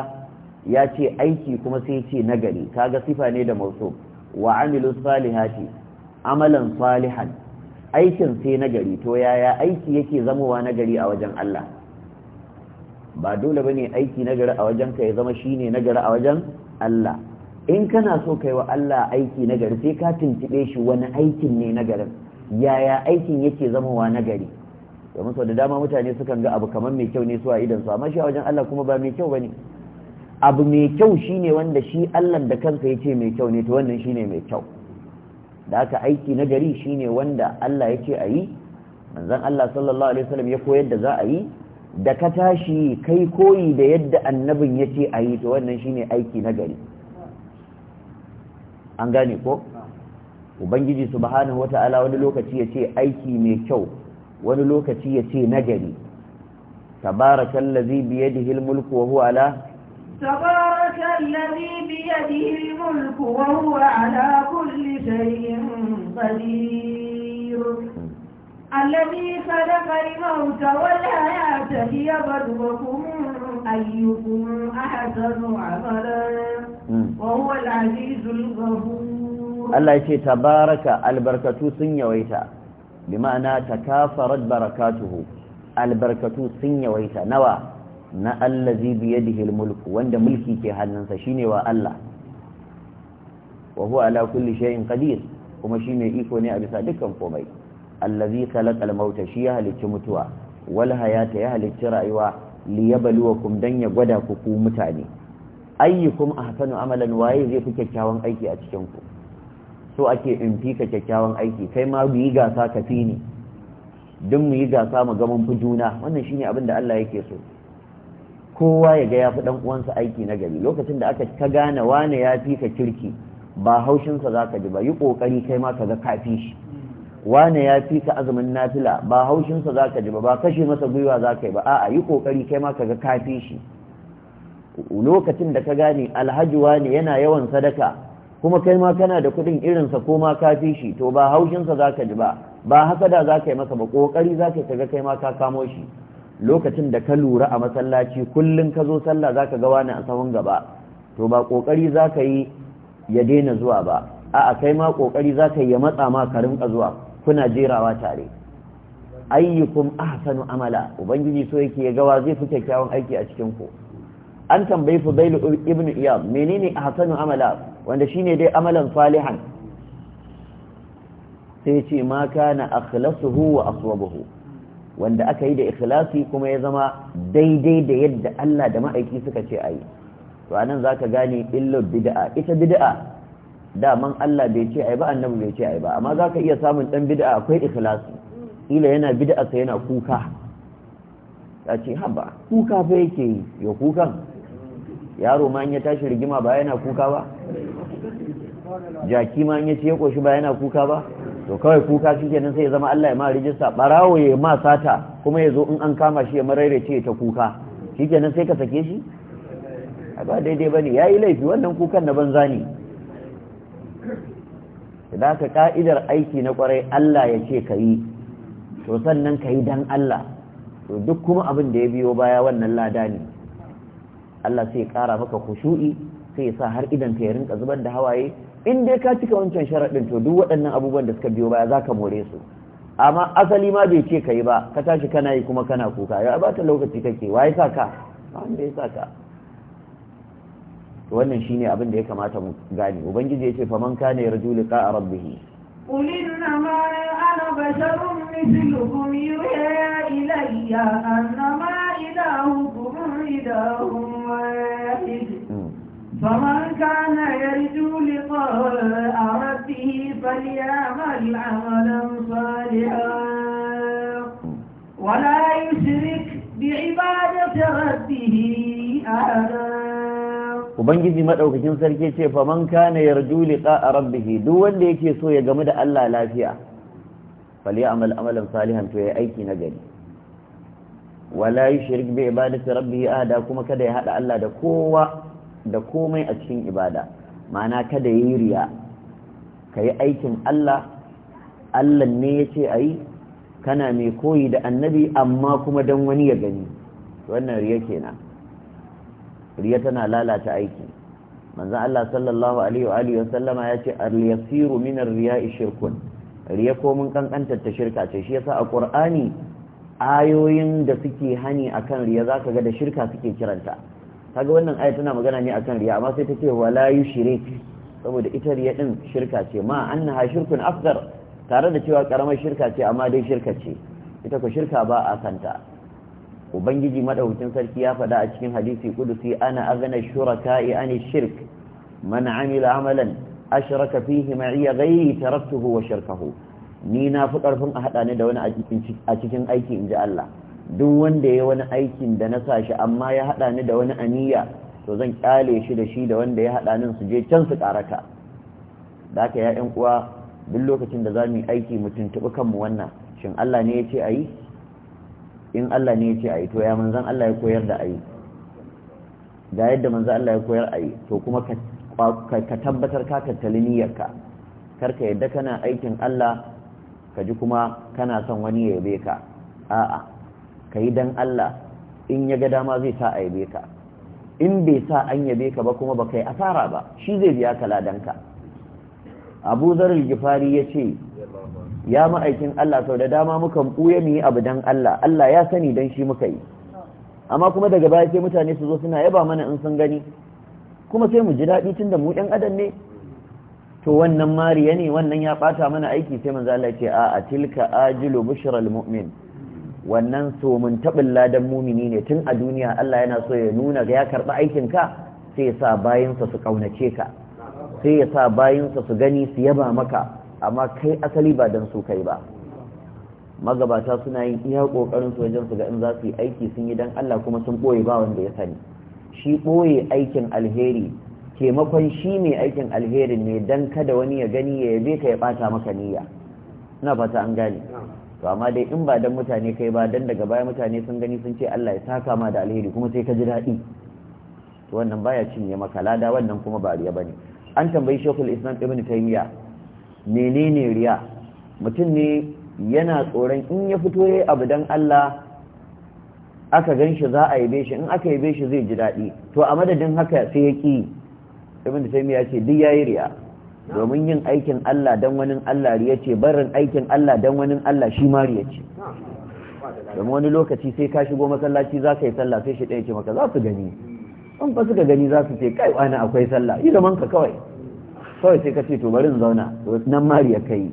ya ce aiki kuma sai ce nagari kaga sifa ne da mausu wa amilu salihati amalan salihan aikin sai nagari to yaya aiki yake zamowa nagari a wajen Allah ba dole bane aiki nagari a wajen ka ya zama shine nagari a wajen Allah in kana so kai wa Allah aiki nagari sai ka tuntube shi wani aikin ne nagarin yaya aikin yake zamowa nagari domin sau dama mutane sukan ga abu kamar mai kyau ne su a idan su amma shi a wajen Allah kuma ba mai kyau bane abu mai kyau shine wanda shi Allah da kansa ce mai kyau ne to wannan shine mai kyau da aka aiki na gari shine wanda Allah ya ce yace ayi manzon Allah sallallahu alaihi wasallam ya koyar da za a yi da ka tashi kai koyi da yadda annabin ya ce a yi to wannan shine aiki na gari an gane ko ubangiji subhanahu wata'ala wani lokaci ya ce aiki mai kyau wani lokaci ya yace nagari tabarakallazi biyadihi almulku wa huwa ala تبارك الذي بيده الملك وهو على كل شيء قدير الذي خلق الموت والحياة ليبلوكم أيكم أحسن عملا وهو العزيز الغفور الله يشي تبارك البركة سنية ويتا بمعنى تكافرت بركاته البركة سنية ويتا نوى na allazi biyadihi almulku wanda mulki ke hannunsa shine wa Allah wa huwa ala kulli shay'in qadir kuma shine iko ne a bisa dukkan komai allazi khalaqa almauta shi ya halicci mutuwa wal hayata ya halicci rayuwa liyabluwakum dan ya gwada ku ku mutane ayyukum ahsanu amalan waye zai fi kyakkyawan aiki a cikin ku so ake in fi ka kyakkyawan aiki kai ma mu yi gasa ka fi ni duk mu yi gasa mu ga mun fi juna wannan shine abin da Allah yake so kowa ya ga ya fi dan uwansa aiki na gari lokacin da aka ka gane wane ya fi ka kirki ba haushinsa za ka ji ba yi kokari kai ma ka ga kafi shi wane ya fi ka azumin nafila ba haushinsa za ka ji ba ba kashe masa gwiwa za ka yi ba a'a yi kokari kai ma ka ga kafi shi lokacin da ka gane alhaji wane yana yawan sadaka kuma kai ma kana da kuɗin irinsa ko ma kafi shi to ba haushinsa za ka ji ba ba haka da za ka yi masa ba kokari za kaga ka ga kai ma ka kamo shi lokacin da ka lura a masallaci kullum ka zo sallah za ka gawa ne a sahun gaba to ba ƙoƙari za ka yi ya daina zuwa ba a'a kai ma ƙoƙari za ka yi ya matsa ma ka rinka zuwa kuna jerawa tare ayyukum ahsanu amala ubangiji so yake ya gawa zai fi kyakkyawan aiki a cikin ku an tambayi fudail ibn iyad menene ahsanu amala wanda shine dai amalan salihan sai ce ma kana akhlasuhu wa aswabuhu wanda aka yi da ikhlasi kuma ya zama daidai da yadda Allah da ma'aiki suka ce a yi. to anan zaka gane illar bid'a ita bid'a daman Allah bai ce ai ba annabi bai ce ai ba amma zaka iya samun dan bid'a akwai ikhlasi ila yana bid'a sai yana kuka ya ce haba kuka fa yake yi ya kukan yaro ma ya tashi rigima ba yana kuka ba jaki ma ya ce ya koshi ba yana kuka ba to kawai kuka shi nan sai ya zama Allah ya ma rijista barawo ya ma sata kuma ya zo in an kama shi ya marairace ce ta kuka shi nan sai ka sake shi A ba daidai ba ne ya yi laifi wannan kukan na banza ne da ka ka'idar aiki na kwarai Allah ya ce ka yi to sannan ka yi don Allah to duk kuma abin da ya biyo baya wannan lada ne Allah sai ya kara maka kushu'i sai ya sa har idan ka ya rinka zubar da hawaye in dai ka cika wancan sharaɗin to duk waɗannan abubuwan da suka biyo baya za ka more su amma asali ma bai ce ka yi ba ka tashi kana yi kuma kana kuka ya ba ta lokaci kake wa ya sa ka wanda ya sa ka wannan shine abin da ya kamata mu gane ubangiji ya ce faman kana yarju liqa rabbih قل yi أنا بشر ilayya, يوحى إلي أنما إلهكم wa واحد فمن كان يرجو لقاء ربه فليعمل عملا صالحا ولا يشرك بعبادة ربه أحدا Ubangiji maɗaukakin sarki ce man kana yarju a rabbihi duk wanda yake so ya gamu da Allah lafiya falyamal amalan salihan to yayi aiki na gari wala yushrik bi ibadati rabbihi ahada kuma kada ya hada Allah da kowa da komai a cikin ibada ma'ana kada yi riya ka yi aikin Allah Allah ne ya ce a yi kana mai koyi da annabi amma kuma don wani ya gani wannan riya kenan riya tana lalata aiki manzan Allah sallallahu alaihi wa sallama ya ce alyasiru minar riya ishirkun, riya ko mun kankanta ta shirka ce shi yasa a ƙur'ani, ayoyin da suke hani akan riya za ka ga da shirka suke kiranta kaga wannan aya tana magana ne akan riya amma sai ta ce wala shirik saboda ita riya din shirka ce ma annaha shirkun asghar tare da cewa karamar shirka ce amma dai shirka ce ita ko shirka ba a kanta ubangiji madaukakin sarki ya faɗa a cikin hadisi kudusi ana azana shuraka'i ani shirk man amila amalan ashraka fihi ma'iya ghairi taraktuhu wa shirkahu ni na fi karfin a hada ni da wani a cikin aiki inji Allah duk wanda ya wani aikin da na sa shi amma ya haɗa ni da wani aniya to zan kyale shi da shi da wanda ya haɗa ni su je can su karata da aka yi uwa duk lokacin da za mu yi aiki mu tuntuɓi kanmu wannan shin Allah ne ya ce a yi in Allah ne ya ce a yi to ya manzan Allah ya koyar da a yi ga yadda manzan Allah ya koyar a yi to kuma ka tabbatar ka tattali niyyarka ka yadda kana aikin Allah ka ji kuma kana son wani ya yabe ka a'a ka yi don Allah in ya ga dama zai sa a yabe ka in bai sa an yabe ka ba kuma ba kai asara ba shi zai biya ka ladanka abu zarar gifari ya ce ya ma'aikin Allah sau da dama muka ɓuya mu yi abu don Allah Allah ya sani don shi muka yi amma kuma daga baya ce mutane su zo suna yaba mana in sun gani kuma sai mu ji daɗi tun da mu ɗan adam ne to wannan mariya ne wannan ya ɓata mana aiki sai manzo Allah ce a tilka ajilu bushral mu'min wannan somin taɓin ladan mumini ne tun a duniya Allah yana so ya nuna ga ya karɓi aikinka sai ya sa bayansa su ƙaunace ka sai ya sa bayansa su gani su yaba maka amma kai asali ba don su kai ba magabata suna yin iya ƙoƙarin su wajen su ga in za su yi aiki sun yi don Allah kuma sun ɓoye ba wanda ya sani shi ɓoye aikin alheri taimakon shi mai aikin alherin ne don kada wani ya gani ya yabe ka ya ɓata maka niyya ina fata an gane to amma dai in ba dan mutane kai ba dan daga baya mutane sun gani sun ce Allah ya saka ma da alheri kuma sai ka ji daɗi to wannan baya cinye maka lada wannan kuma ba riya bane an tambayi shekul Islam Ibn taymiya menene riya mutum ne yana tsoron in ya fito yayi abu dan Allah aka gan shi za a yabe shi in aka yabe shi zai ji daɗi to a madadin haka sai ya ki Ibn taymiya ce duk yayi riya domin yin aikin Allah dan wani Allah riya ce barin aikin Allah dan wani Allah shi ma riya ce domin wani lokaci sai ka shigo masallaci za ka yi sallah sai shi ɗaya ce maka za su gani in fa suka gani za su ce kai wani akwai sallah yi zaman ka kawai kawai sai ka ce to barin zauna to nan ma riya kai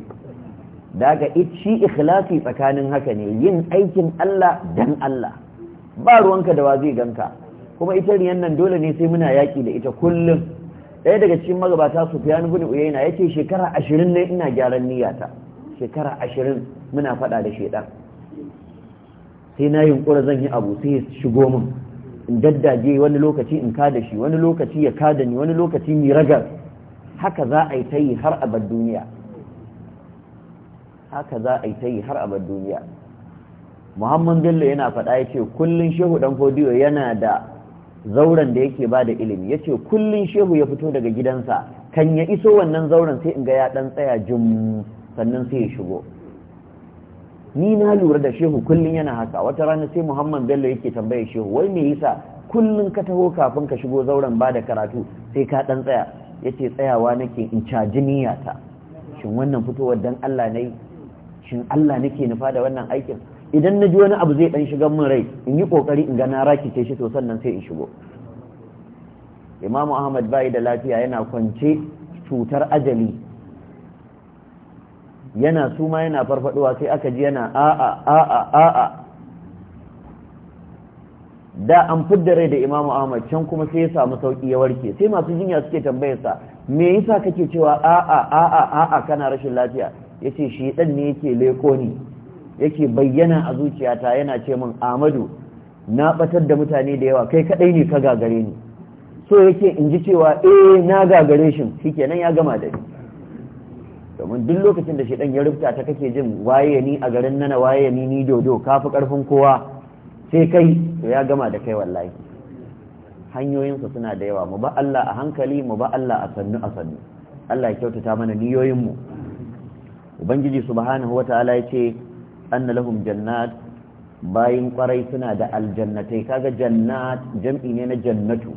daga shi ikhlasi tsakanin haka ne yin aikin Allah dan Allah ba ruwanka da wa zai ganka kuma ita riyan nan dole ne sai muna yaki da ita kullum ɗaya daga cikin magabata Sufyan bin Uyayna yace shekara ashirin ne ina gyaran niyyata shekara ashirin muna faɗa da shedan sai na yunkura zan yi abu sai ya shigo min in daddaje wani lokaci in ka da shi wani lokaci ya ka da ni wani lokaci ni ragar haka za a yi ta yi har abar duniya haka za a yi ta yi har abar duniya muhammad bello yana faɗa ya ce kullum shehu dan fodiyo yana da zauren da yake ba da ilimi ya ce kullum shehu ya fito daga gidansa kan ya iso wannan zauren sai in ga ya dan tsaya jim sannan sai ya shigo ni na lura da shehu kullum yana haka wata rana sai muhammad bello yake tambaye shehu wai me yasa kullum ka taho kafin ka shigo zauren ba da karatu sai ka dan tsaya ya ce tsayawa nake in caji niyyata shin wannan fitowar dan allah na yi shin allah nake nufa da wannan aikin idan na ji wani abu zai dan shigan min rai in yi kokari in ga na rakice shi to sannan sai in shigo imamu ahmad bai da lafiya yana kwance cutar ajali yana suma yana farfaduwa sai aka ji yana a'a a'a a'a da an fidda rai da imamu ahmad can kuma sai ya samu sauki ya warke sai masu jinya suke tambayar sa me yasa kake cewa a'a a'a a'a kana rashin lafiya yace shi dan ne yake leko ni yake bayyana a zuciyata yana ce min amadu na batar da mutane da yawa kai kadai ne ka gagare ni so yake in ji cewa eh na gagare shi nan ya gama da ni domin duk lokacin da shedan ya rubuta ta kake jin waye ni a garin nana waye ni ni dodo ka karfin kowa sai kai to ya gama da kai wallahi su suna da yawa mu ba Allah a hankali mu ba Allah a sannu a sannu Allah ya kyautata mana mu ubangiji subhanahu wataala ya ce anna lahum jannat bayin kwarai suna da aljannatai kaga jannat jam'i ne na jannatu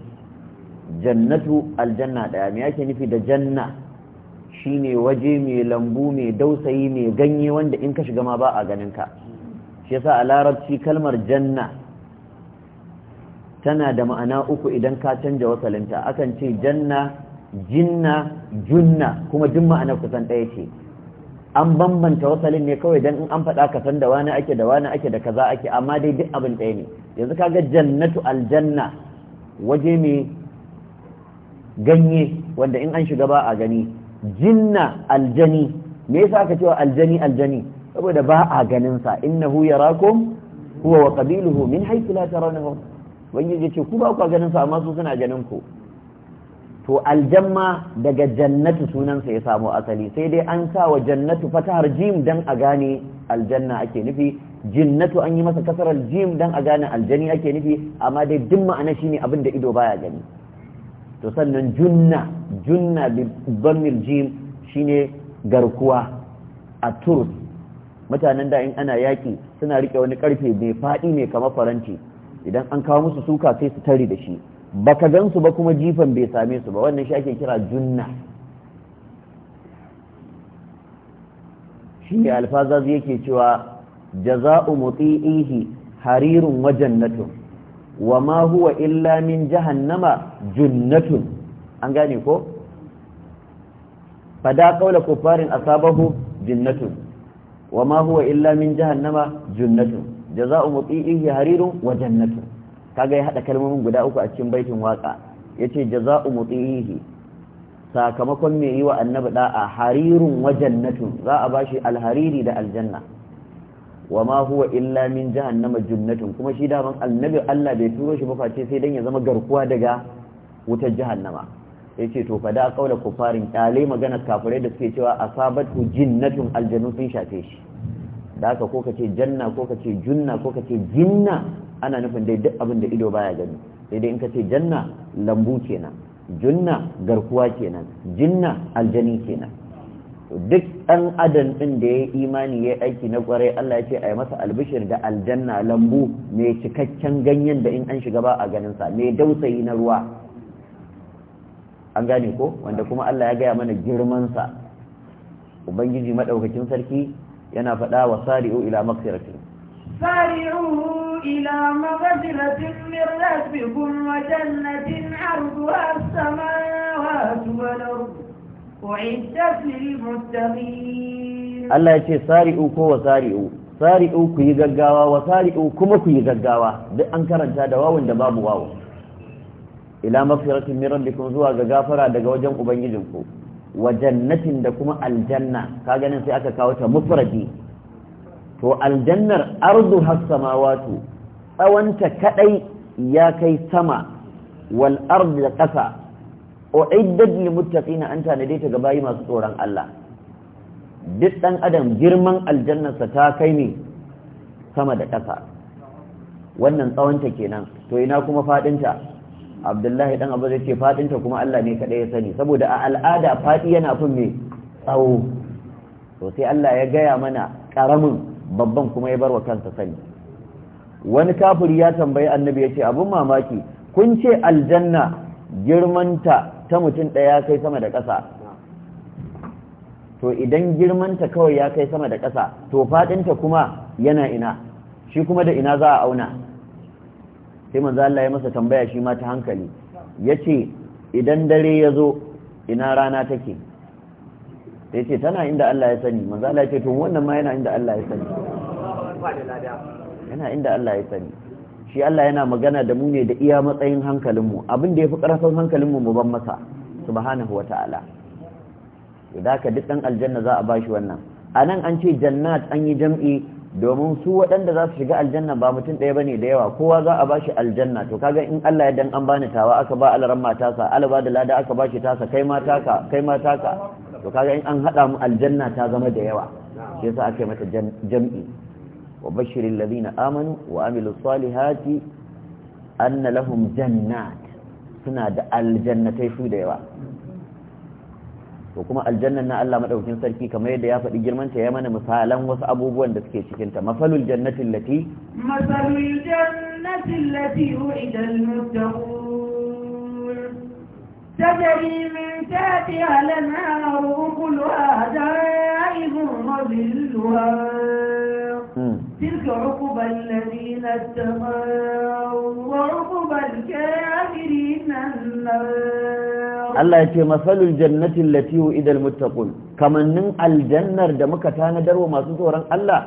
jannatu aljanna daya me yake nufi da janna shine waje mai lambu mai dausayi mai ganye wanda in ka shiga ma ba a ganin ka shi yasa a larabci kalmar janna tana da ma'ana uku idan ka canja wasalinta akan ce janna jinna junna kuma duk ma'anar kusan ɗaya ce an bambanta wasalin ne kawai dan in an faɗa ka san da wani ake da wani ake da kaza ake amma dai duk abin ɗaya ne yanzu kaga jannatu aljanna waje mai ganye wanda in an shiga ba a gani jinna aljani me yasa aka cewa aljani aljani saboda ba a ganin sa innahu yarakum huwa wa qabiluhu min haythu la tarawnahum wani yace ku ba ku ganin sa amma su suna ganin ku to aljamma daga jannatu sunansa ya samu asali sai dai an sa wa jannatu fatahar jim dan a gane aljanna ake nufi jinnatu an yi masa kasarar jim dan a gane aljani ake nufi amma dai duk ma'ana shine abin da ido baya gani to sannan junna junna bi bamil jim shine garkuwa a turu mutanen da in ana yaƙi suna rike wani karfe mai faɗi mai kamar faranti idan an kawo musu suka sai su tare da shi baka gansu ba kuma jifan bai same su ba wannan shi ake kira junna shi ne alfazaz yake cewa jaza'u muti'ihi harirun wa jannatun wa ma huwa illa min jahannama junnatun an gane ko fada kaula kufarin asabahu jinnatun wa ma huwa illa min jahannama junnatun jaza'u muti'ihi harirun wa jannatun kaga ya hada kalmomin guda uku a cikin baitin waka yace jaza'u mutihi sakamakon mai yi wa annabi da'a harirun wa jannatun za a bashi alhariri da aljanna wa ma huwa illa min jahannama junnatun kuma shi daman annabi Allah bai turo shi ba sai dan ya zama garkuwa daga wutar jahannama yace to fa da kaula kufarin kyale magana kafirai da suke cewa asabatu jinnatun aljannu sun shafe shi da haka ko kace janna ko kace junna ko kace jinna ana nufin dai duk abin da ido baya gani sai dai in kace janna lambu kenan junna garkuwa kenan jinna aljani kenan duk ɗan adam ɗin da ya imani ya aiki na kwarai Allah ya ce a yi masa albishir da aljanna lambu mai cikakken ganyen da in an shiga ba a ganin sa mai dausayi na ruwa an gane ko wanda kuma Allah ya gaya mana girman sa ubangiji maɗaukakin sarki yana faɗa wa sari'u ila maghfiratin sari'u ila maghfiratin min rabbikum wa jannatin 'arduha as-samawati wal ardu u'iddat lil muttaqin Allah yace sari'u ko wa sari'u sari'u ku yi gaggawa wa sari'u kuma ku yi gaggawa duk an karanta da wawun da babu wawu ila maghfiratin min rabbikum zuwa ga gafara daga wajen ubangijinku wa jannatin da kuma aljanna ka ganin sai aka kawo ta mufradi to aljannar ardu hassamawatu tsawonta kadai ya kai sama wal ardu da kasa uiddat lil muttaqina an ta ga bayi masu tsoron Allah duk dan adam girman aljannarsa ta kai ne sama da kasa wannan tsawonta kenan to ina kuma faɗinta? abdullahi dan abu zai ce fadinta kuma Allah ne kaɗai ya sani saboda a al'ada fadi yana fin mai tsawo to sai Allah ya gaya mana ƙaramin babban kuma ya bar wa kansa sani wani kafiri ya tambayi annabi ya ce abin mamaki kun ce aljanna girmanta ta mutum ɗaya kai sama da ƙasa to idan girmanta kawai ya kai sama da ƙasa to faɗinta kuma yana ina shi kuma da ina za a auna sai manzo Allah ya masa tambaya shi ma ta hankali yace idan dare ya zo ina rana take sai ce tana inda Allah ya sani manzo Allah ya ce to wannan ma yana inda Allah ya sani yana inda Allah ya sani shi Allah yana magana da mu ne da iya matsayin hankalinmu abin da ya fi ƙarfin hankalinmu mu ban masa subhanahu wa ta'ala idan ka duk dan aljanna za a bashi wannan Anan an ce jannat an yi jam'i domin su waɗanda za su shiga aljanna ba mutum ɗaya bane da yawa kowa za a bashi aljanna to kaga in Allah ya dan an bani tawa aka ba alaran mata sa alaba da lada aka bashi tasa kai ma taka kai ma taka to kaga in an haɗa mu aljanna ta zama da yawa shi yasa aka mata jam'i wa bashirin ladina amanu wa amilu salihati anna lahum jannat suna da aljannatai su da yawa to kuma aljannan na Allah madaukin sarki kamar yadda ya faɗi girman ta ya mana misalan wasu abubuwan da suke cikin ta mafalul jannati lati mafalul jannati allati u'ida muttaqun tajri min tahtiha al-anhar ukuluha da'ibun wa dhilluha تلك عقب الذين اتقوا وعقب الكافرين النار Allah ya ce masalul jannatin latiwu idal muttaqul kamannin aljannar da muka tanadar wa masu tsoron Allah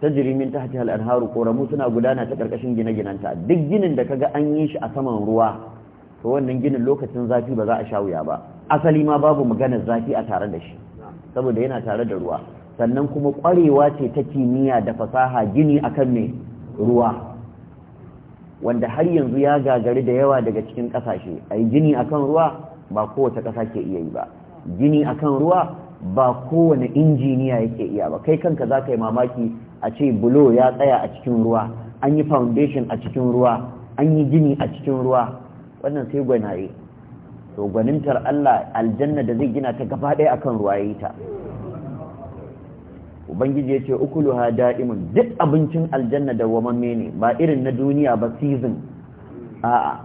ta jirimin ta hajjal anharu koramu suna gudana ta karkashin gine-ginanta duk ginin da kaga an yi shi a saman ruwa to wannan ginin lokacin zafi ba za a sha wuya ba asali ma babu maganar zafi a tare da shi saboda yana tare da ruwa sannan kuma kwarewa ce ta kimiyya da fasaha gini akan mai ruwa wanda har yanzu ya gagari da yawa daga cikin ƙasashe. a gini akan ruwa ba kowace ƙasa ke iya yi ba gini akan ruwa ba kowane injiniya yake iya ba kai kanka za ka yi mamaki a ce bulo ya tsaya a cikin ruwa an yi foundation a cikin ruwa an yi gini a cikin ruwa wannan sai gwanaye to gwanintar Allah aljanna da zai gina ta gaba ɗaya akan ruwa ya yi ta ubangiji ya ce ha da'imun duk abincin aljanna da dawwamamme ne ba irin na duniya ba season a'a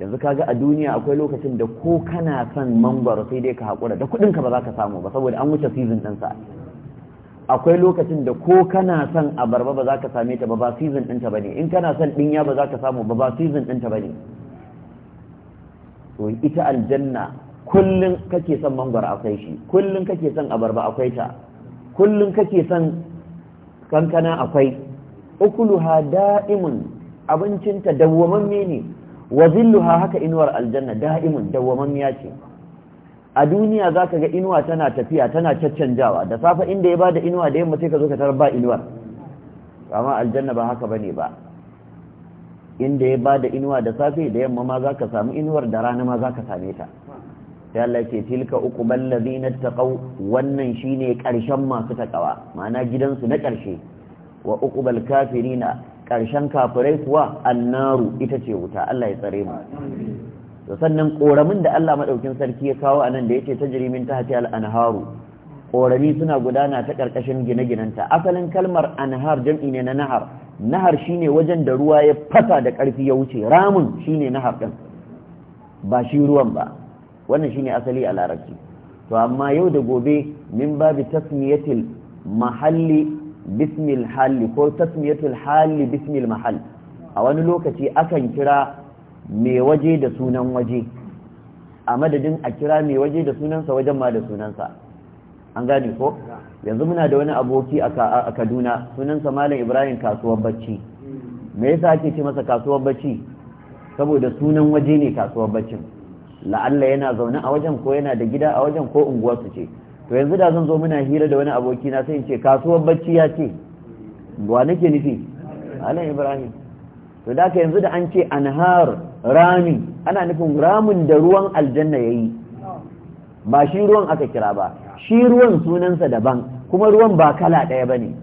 yanzu kaga a duniya akwai lokacin da ko kana son mangwaro sai dai ka hakura da kuɗinka ba za ka samu ba saboda an wuce season sa akwai lokacin da ko kana son abarba ba za ka same ta ba ba season din ba ne in kana son ɗinya ba za ka samu ba ba season din ba ne to ita aljanna kullun kake son mangwaro akwai shi kullun kake son abarba akwai ta kullum kake son kankana akwai ukuluha da'imun abincinta dawwamamme ne wa zilluha haka inuwar aljanna da'imun ya ce a duniya za ka ga inuwa tana tafiya tana caccanjawa da safa inda ya ba da inuwa da yamma sai ka zo ka tarba inuwar amma aljanna ba haka bane ba inda ya ba da inuwa da safe da yamma ma za ka samu inuwar da rana ma za ka same ta sai Allah ce tilka uku ballazina taqaw wannan shine karshen masu takawa ma'ana gidansu na ƙarshe wa uqbal na ƙarshen kafirai kuwa annaru ita ce wuta Allah ya tsare mu to sannan ƙoramin da Allah maɗaukin sarki ya kawo anan da yace jirimin ta al-anharu korami suna gudana ta karkashin gine-ginanta asalin kalmar anhar jam'i ne na nahar nahar shine wajen da ruwa ya fasa da ƙarfi ya wuce ramin shine nahar ɗin ba shi ruwan ba wannan shine asali a larabci to amma yau da gobe min babu tasmiyatil mahalli bismil halli ko tasmiyatul halli bismil mahall a wani lokaci akan kira mai waje da sunan waje a madadin a kira mai waje da sunansa wajen ma da sunansa an gane ko yanzu muna da wani aboki a kaduna sunansa malam ibrahim kasuwar bacci me yasa ake ce masa kasuwar bacci saboda sunan waje ne kasuwar baccin la'alla yana zaune a wajen ko yana da gida a wajen ko unguwarsu ce to yanzu da zan zo muna hira da wani aboki na sai in ce kasuwar bacci ya ce wa nake nufi alan ibrahim to da ka yanzu da an ce anhar rami ana nufin ramin da ruwan aljanna yayi ba shi ruwan aka kira ba shi ruwan sunansa daban kuma ruwan ba kala daya bane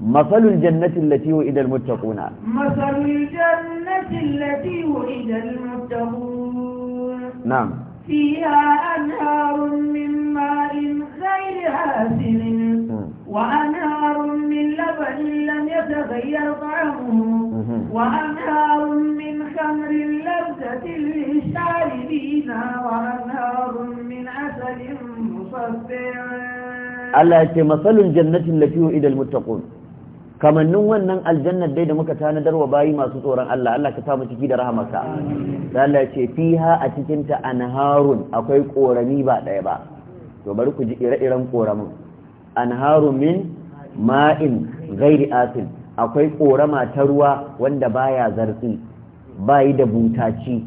allati الجنة التي muttaquna masalul jannati allati التي وعد muttaquna نعم فيها أنهار من ماء غير آسن وأنهار من لبن لم يتغير طعمه وأنهار من خمر لذة للشاربين وأنهار من عسل مصفر الله يتمثل الجنة التي وعد المتقون kamannin wannan aljannar dai da muka tanadar wa bayi masu tsoron Allah Allah ka samu ciki da rahamarka da Allah ce fiha a cikin ta anharun akwai korami ba ɗaya ba to bari ku ji ire-iren koramin anharun min ma'in ghairi asin akwai korama ta ruwa wanda baya zartsi bayi da butaci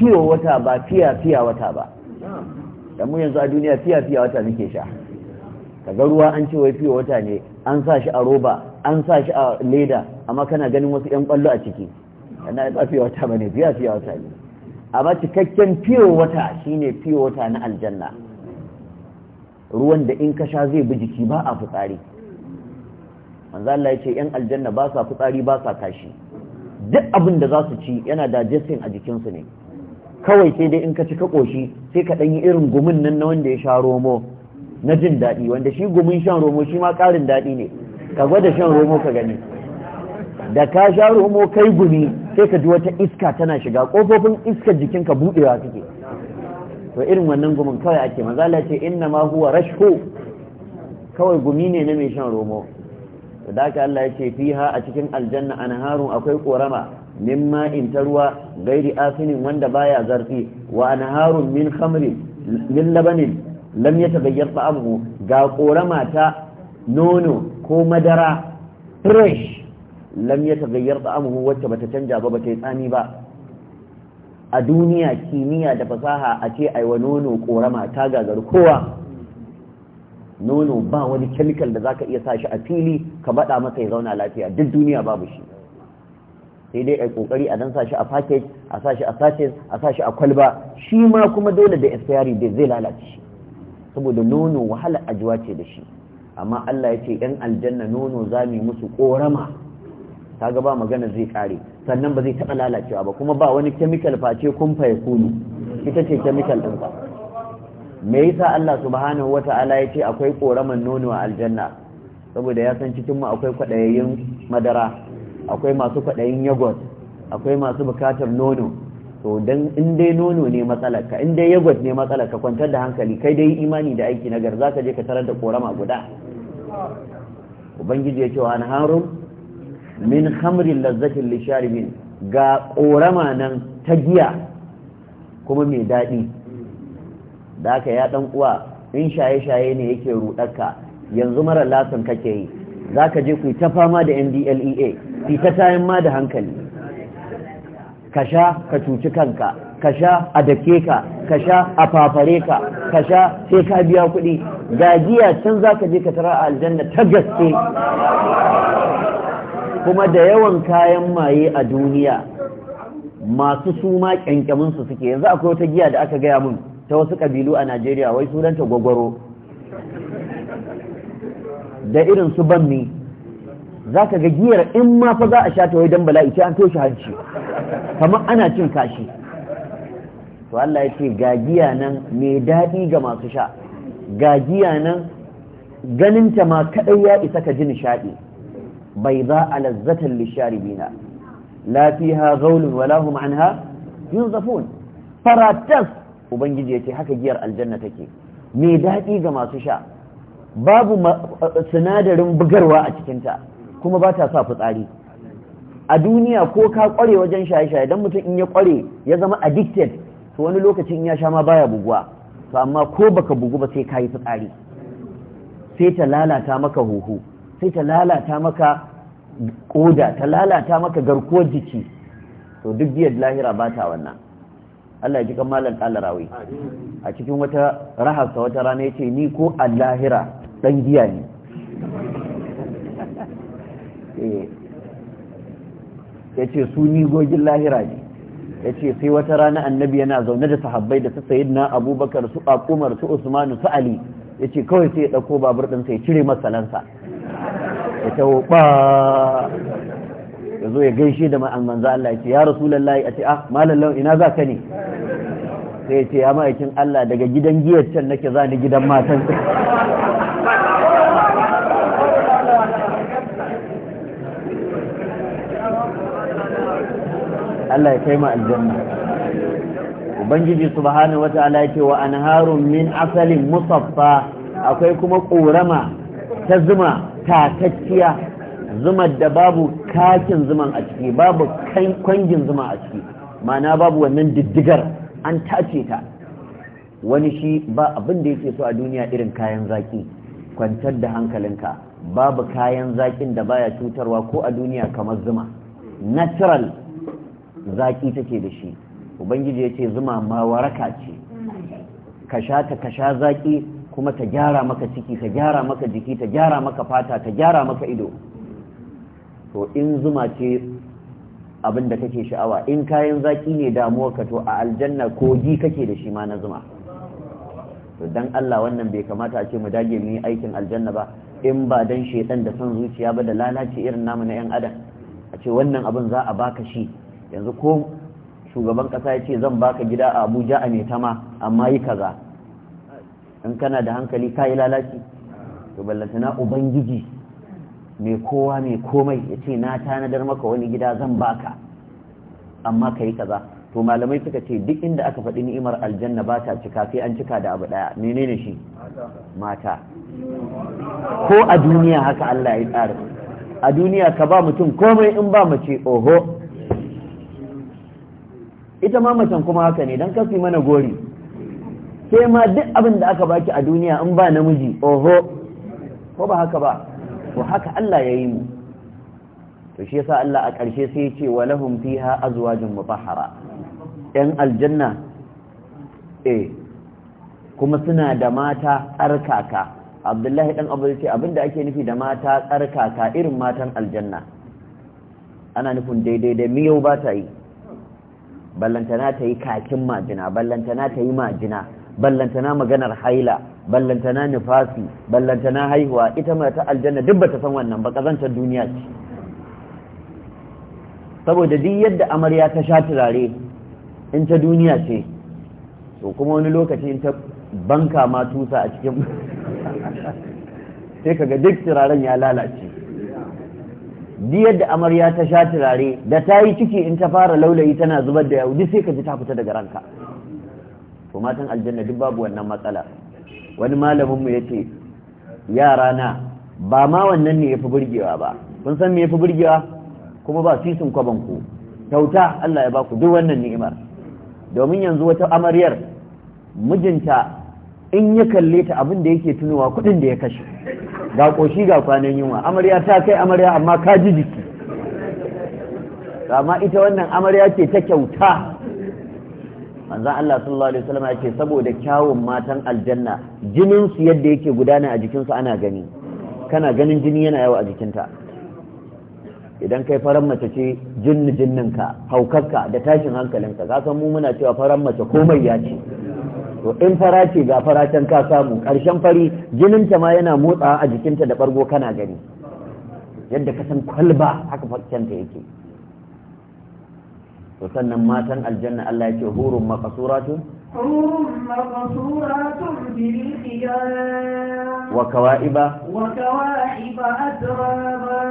fiyo wata ba fiya fiya wata ba da mu yanzu a duniya fiya fiya wata muke sha kaga ruwa an ce wai fiye wata ne an sa shi a roba an sa shi a leda amma kana ganin wasu 'yan kwallo a ciki yana ba fiye wata ba ne fiye wata ne amma cikakken fiye wata shine fiye wata na aljanna ruwan da in ka sha zai bi jiki ba a fitsari manzo Allah ya ce 'yan aljanna ba sa fitsari ba sa kashi duk abin da za su ci yana da digesting a jikinsu ne kawai sai dai in ka ci ka ƙoshi, sai ka ɗan yi irin gumin nan na wanda ya sha romo na jin daɗi wanda shi gumin shan romo shi ma ƙarin daɗi ne ka gwada shan romo ka gani da ka sha romo kai gumi sai ka ji wata iska tana shiga ƙofofin iskar jikin ka buɗewa suke to irin wannan gumin kawai ake mazala ce inna ma huwa Rashko. kawai gumi ne na mai shan romo To da ka Allah ya ce fiha a cikin aljanna anharun akwai korama min ma'in ta ruwa gairi asinin wanda baya zarfi wa anharun min khamrin min labanin lam ya tabayyar ta'amu ga korama ta nono ko madara fresh lam ya tabayyar ta'amu wacce bata canja ba bata yi tsami ba a duniya kimiyya da fasaha a ce aiwa nono korama ta gagar kowa nono ba wani kemikal da zaka iya sashi a fili ka bada masa ya zauna lafiya duk duniya babu shi sai dai a kokari a dan sa shi a package a sa a sachet a sa a kwalba shi ma kuma dole da expiry date zai lalace shi saboda nono wahala ajuwa ce da shi amma Allah ya ce ‘yan aljanna nono za mu musu ƙorama ta gaba magana zai ƙare sannan ba zai taɓa lalacewa ba kuma ba wani kemikal face kumfa ya kunu ita ce kemikal ɗin ba me yasa Allah subhanahu wa ta'ala ya ce akwai ƙoraman nono a aljanna saboda ya san cikin mu akwai kwaɗayayin madara akwai masu kwaɗayin yogurt akwai masu bukatar nono so dan in dai nono ne matsala ka in dai yagwat ne matsala ka kwantar da hankali kai dai imani da aiki za zaka je ka tarar da korama guda ubangiji ya ce wa anharu min khamrin lazzatin lisharibin ga korama nan ta giya kuma mai daɗi da aka ya ɗan uwa in shaye-shaye ne yake rudarka yanzu mara lasin kake yi za ka je ku ta fama da ndlea fita ta tayin ma da hankali ka sha ka cuci kanka ka sha a dake ka ka sha a fafare ka ka sha sai ka biya kuɗi gajiya can za ka je ka tara a aljanna ta gaske kuma da yawan kayan maye a duniya masu suma kyankyaminsu suke yanzu akwai wata giya da aka gaya mun ta wasu ƙabilu a najeriya wai sunanta gwagwaro da irin su banmi za ka ga giyar in ma fa za a sha ta wai dan bala'i sai an toshe hanci kamar ana cin kashi to Allah ya ce ga giya nan mai daɗi ga masu sha ga giya nan ta ma kaɗai ya isa ka ji nishaɗi bai za a lazzatan lisharibina la fiha ghaulun wala hum anha yunzafun faratas ubangiji yace haka giyar aljanna take mai daɗi ga masu sha babu sinadarin bugarwa a cikinta kuma ba ta sa fitsari a duniya ko ka kware wajen shaye-shaye don mutum in ya kware ya zama addicted to wani lokacin ya sha ma baya buguwa to amma ko baka bugu ba sai ka yi fitsari sai ta lalata maka huhu sai ta lalata maka koda ta lalata maka garkuwar jiki to duk biyar lahira ba ta wannan Allah ya ji kan malam kalarawi a cikin wata rahasa wata rana ya ce ni ko a lahira ɗan giya ne Eh. ya ce su gogin lahira ne ya ce sai wata rana annabi yana zaune da sahabbai da su sayi na abubakar su akumar su usmanu su ali ya ce kawai sai ya ɗauko babur ɗinsa ya cire matsalansa ya taho ba ya zo ya gaishe da manza Allah ya ce ya rasu lallahi a ce ah malallau ina za ka ne sai ya ce ya ma'aikin Allah daga gidan giyar can nake za ni gidan matan Allah ya kai mu aljanna ubangiji subhanahu wataala yake wa anharun min asalin musaffa akwai kuma korama ta zuma takakkiya zumar da babu kakin zuman a ciki babu kwangin zuma a ciki mana babu wannan diddigar an tace ta wani shi ba abin da yake so a duniya irin kayan zaki kwantar da hankalinka babu kayan zakin da baya cutarwa ko a duniya kamar zuma natural Zaƙi take da shi ubangiji ya ce zuma ma waraka ce ka sha ta ka sha zaki kuma ta gyara maka ciki ta gyara maka jiki ta gyara maka fata ta gyara maka ido to in zuma ce abin da kake sha'awa in kayan zaƙi ne damuwarka to a aljanna kogi kake da shi ma na zuma to dan Allah wannan bai kamata a ce mu dage mu yi aikin aljanna ba in ba dan shedan da son zuciya ba da lalace irin namu na yan adam a ce wannan abin za a baka shi yanzu ko shugaban kasa ya ce zan baka gida a abuja a metama amma yi kaza in kana da hankali ka yi lalaci to na ubangiji mai kowa mai komai ya ce na tanadar maka wani gida zan baka amma ka yi kaza to malamai suka ce duk inda aka faɗi ni'imar aljanna ba ta cika sai an cika da abu ɗaya menene shi mata ko a duniya haka Allah ya tsara a duniya ka ba mutum komai in ba mace oho ita ma macen kuma haka ne don kafi mana gori sai ma duk abin da aka baki a duniya in ba namiji oho ko ba haka ba to haka Allah ya yi mu to shi yasa Allah a ƙarshe sai ya ce walahum fiha azwajun mutahhara yan aljanna eh kuma suna da mata tsarkaka abdullahi dan abu ya ce abinda ake nufi da mata tsarkaka irin matan aljanna ana nufin daidai da miyau ba ta yi ballantana ta yi kakin majina ballantana ta yi majina ballantana maganar haila ballantana nifasi ballantana haihuwa ita mai ta aljanna duk ba ta san wannan ba kazantar duniya ce saboda duk yadda amarya ta sha turare in ta duniya ce to kuma wani lokaci in ta banka ma tusa a cikin sai kaga duk turaren ya lalace duk yadda amarya ta sha turare da ta yi ciki in ta fara laulayi tana zubar da yaudi sai ka ji ta fita daga ranka to matan aljanna duk babu wannan matsala wani malaminmu ya ce yara na ba ma wannan ne ya fi burgewa ba kun san me ya fi burgewa kuma ba su sun kwaban ku Tauta Allah ya baku duk wannan ni'imar domin yanzu wata amaryar mijinta in ya kalle ta abin da yake tunowa kuɗin da ya kashe ga ƙoshi ga kwanan yunwa amarya ta kai amarya amma ka ji jiki amma ita wannan amarya ce ta kyauta manzan Allah sallallahu alaihi wasallam ya ce saboda kyawun matan aljanna jininsu yadda yake gudana a jikinsu ana gani kana ganin jini yana yawa a jikinta idan kai faran mace ce jinni jinninka haukarka da tashin hankalinka ka san mu muna cewa faran mace komai ya ce to in fara ce ga faracen ka samu ƙarshen fari jininta ma yana motsa a jikinta da ɓargo kana gani yadda ka san kwalba haka farcenta yake to sannan matan aljanna Allah ya ce hurun maqasuratun حور مقصورات بالخيام وكوائب وكواحب أترابا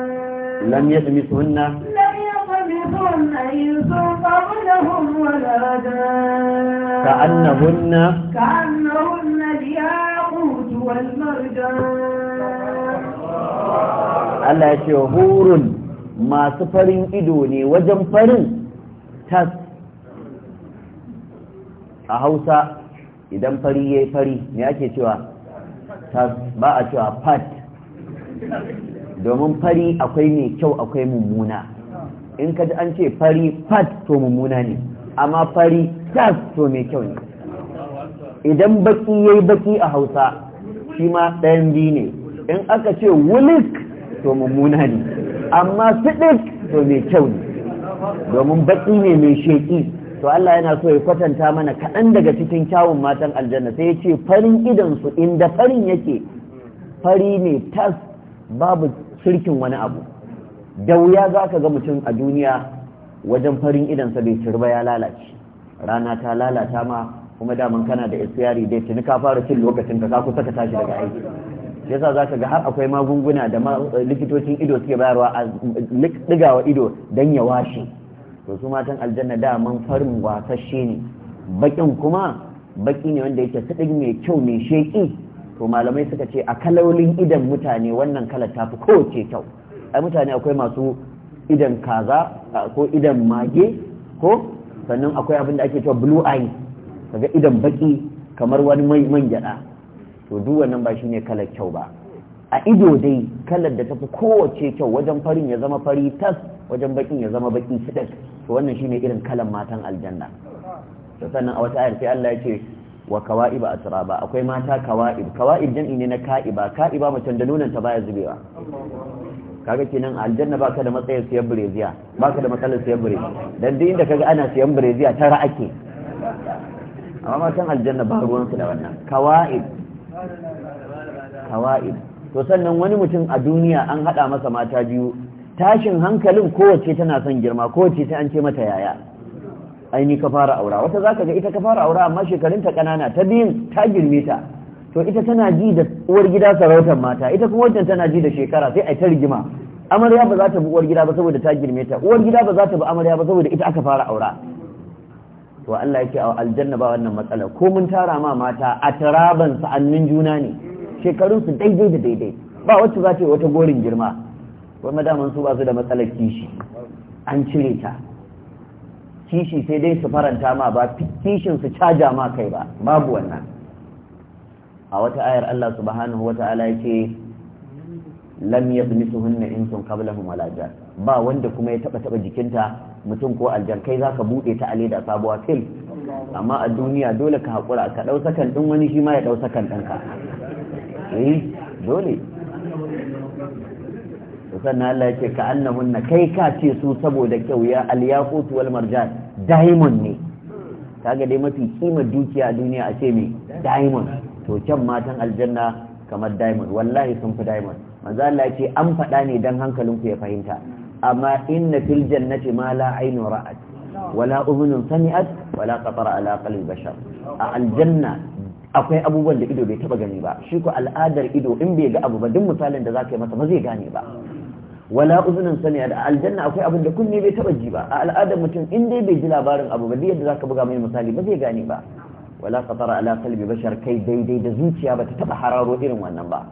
لم يدمثهن لم يطمثهن إنس قبلهم ولا دان كأنهن كأنهن الياقوت والمرجان ألا شهور ما سفر إدوني وجنفر ido a hausa idan fari ya fari ne ake cewa ba a cewa fat domin fari akwai mai kyau akwai mummuna in ka ji an ce fari fat to mummuna ne amma fari tas to mai kyau ne idan baki ya yi baki a hausa shi ma ɗayan biyu ne in aka ce wulik to mummuna ne amma sidik to mai kyau ne domin baki ne mai sheƙi to Allah yana so ya kwatanta mana kaɗan daga cikin kyawun matan aljanna sai ya ce farin idansu inda farin yake fari ne tas babu shirkin wani abu da wuya za ka ga mutum a duniya wajen farin idansa bai cirba ya lalace rana ta lalata ma kuma daman kana da isyari dai tuni ka fara cin lokacin ka kusa ka tashi daga aiki yasa za ka ga har akwai magunguna da likitocin ido suke bayarwa a digawa ido dan ya washe to su matan aljanna daman farin wasashe ne bakin kuma baki ne wanda yake siɗin mai kyau mai sheƙi to malamai suka ce a kalolin idan mutane wannan kalar ta fi kowace kyau ai mutane akwai masu idan kaza ko idan mage ko sannan akwai abin da ake cewa blue eye kaga idan baki kamar wani mai man gyada to duk wannan ba shine kalar kyau ba a ido dai kalar da tafi kowace kyau wajen farin ya zama fari tas wajen bakin ya zama bakin fitan to wannan shine irin kalan matan aljanna to sannan a wata ayar sai Allah ya ce wa kawa'iba atraba akwai mata kawa'ib kawa'ib jam'i ne na ka'iba ka'iba macen da nonon ta baya zubewa kaga kenan aljanna baka da matsayin siyan bireziya baka da matsalar siyan bireziya dan duk inda kaga ana siyan bireziya ta ake amma matan aljanna ba ruwan su da wannan kawa'ib kawa'ib to sannan wani mutum a duniya an hada masa mata biyu tashin hankalin kowace tana son girma kowace sai an ce mata yaya aini ka fara aura wata za ka ga ita ka fara aura amma shekarunta ƙanana ta biyun ta girme ta to ita tana ji da uwar gida sarautar mata ita kuma wajen tana ji da shekara sai a ta rigima amarya ba za ta bi uwar gida ba saboda ta girme ta uwar gida ba za ta bi amarya ba saboda ita aka fara aura to Allah yake a aljanna ba wannan matsala ko mun tara ma mata a taraban sa'annin juna ne shekarun su daidai da daidai ba wacce za ta yi wata gorin girma wanda daman su ba su da matsalar kishi an cire ta kishi sai dai su faranta ma ba kishin su caja ma kai ba babu wannan a wata ayar Allah subhanahu wata'ala ce lam yadmisuhunna insun qablahum wala jan ba wanda kuma ya taba taba jikinta mutum ko aljan kai zaka bude ta a da sabuwa fil amma a duniya dole ka hakura ka dau sakan din wani shi ma ya dau sakan danka eh dole to sannan Allah yake ka annahunna kai ka ce su saboda kyau ya al-yaqut wal marjan diamond ne kaga dai mafi kima dukiya a duniya a ce me diamond to can matan aljanna kamar diamond wallahi sun fi diamond manzo Allah ce an faɗa ne dan hankalinku ya fahimta amma inna fil jannati ma la aynu ra'at wala udhunun sami'at wala qatara ala qalbi bashar a aljanna akwai abubuwan da ido bai taba gani ba shi ko al'adar ido in bai ga abu ba duk misalin da zaka yi masa ba zai gane ba wala uzunin sani da aljanna akwai abin da kunne bai taba ji ba a al'adar mutum in dai bai ji labarin abu ba yadda zaka buga mai misali ba zai gane ba wala qatara ala qalbi bashar kai daidai da zuciya ba ta taba hararo irin wannan ba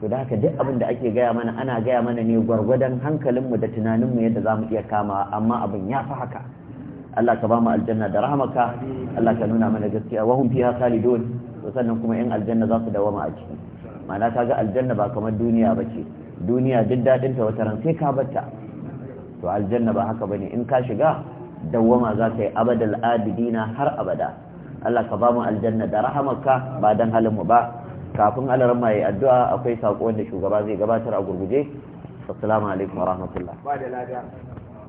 to da haka duk abin da ake gaya mana ana gaya mana ne gwargwadon hankalinmu da tunaninmu yadda za mu iya kama amma abin ya fi haka Allah ka ba mu aljanna da rahmaka Allah ka nuna mana gaskiya wa hum fiha khalidun sannan kuma yan aljanna za su ma a ciki ma'ana kaga aljanna ba kamar duniya bace duniya duk daɗinta wata ran sai ka batta to aljanna ba haka bane in ka shiga dawwama za ka yi abadal dina har abada Allah ka ba mu aljanna da rahamarka ba dan halin mu ba kafin alarma mai addu'a akwai sako wanda shugaba zai gabatar a gurguje assalamu alaikum warahmatullahi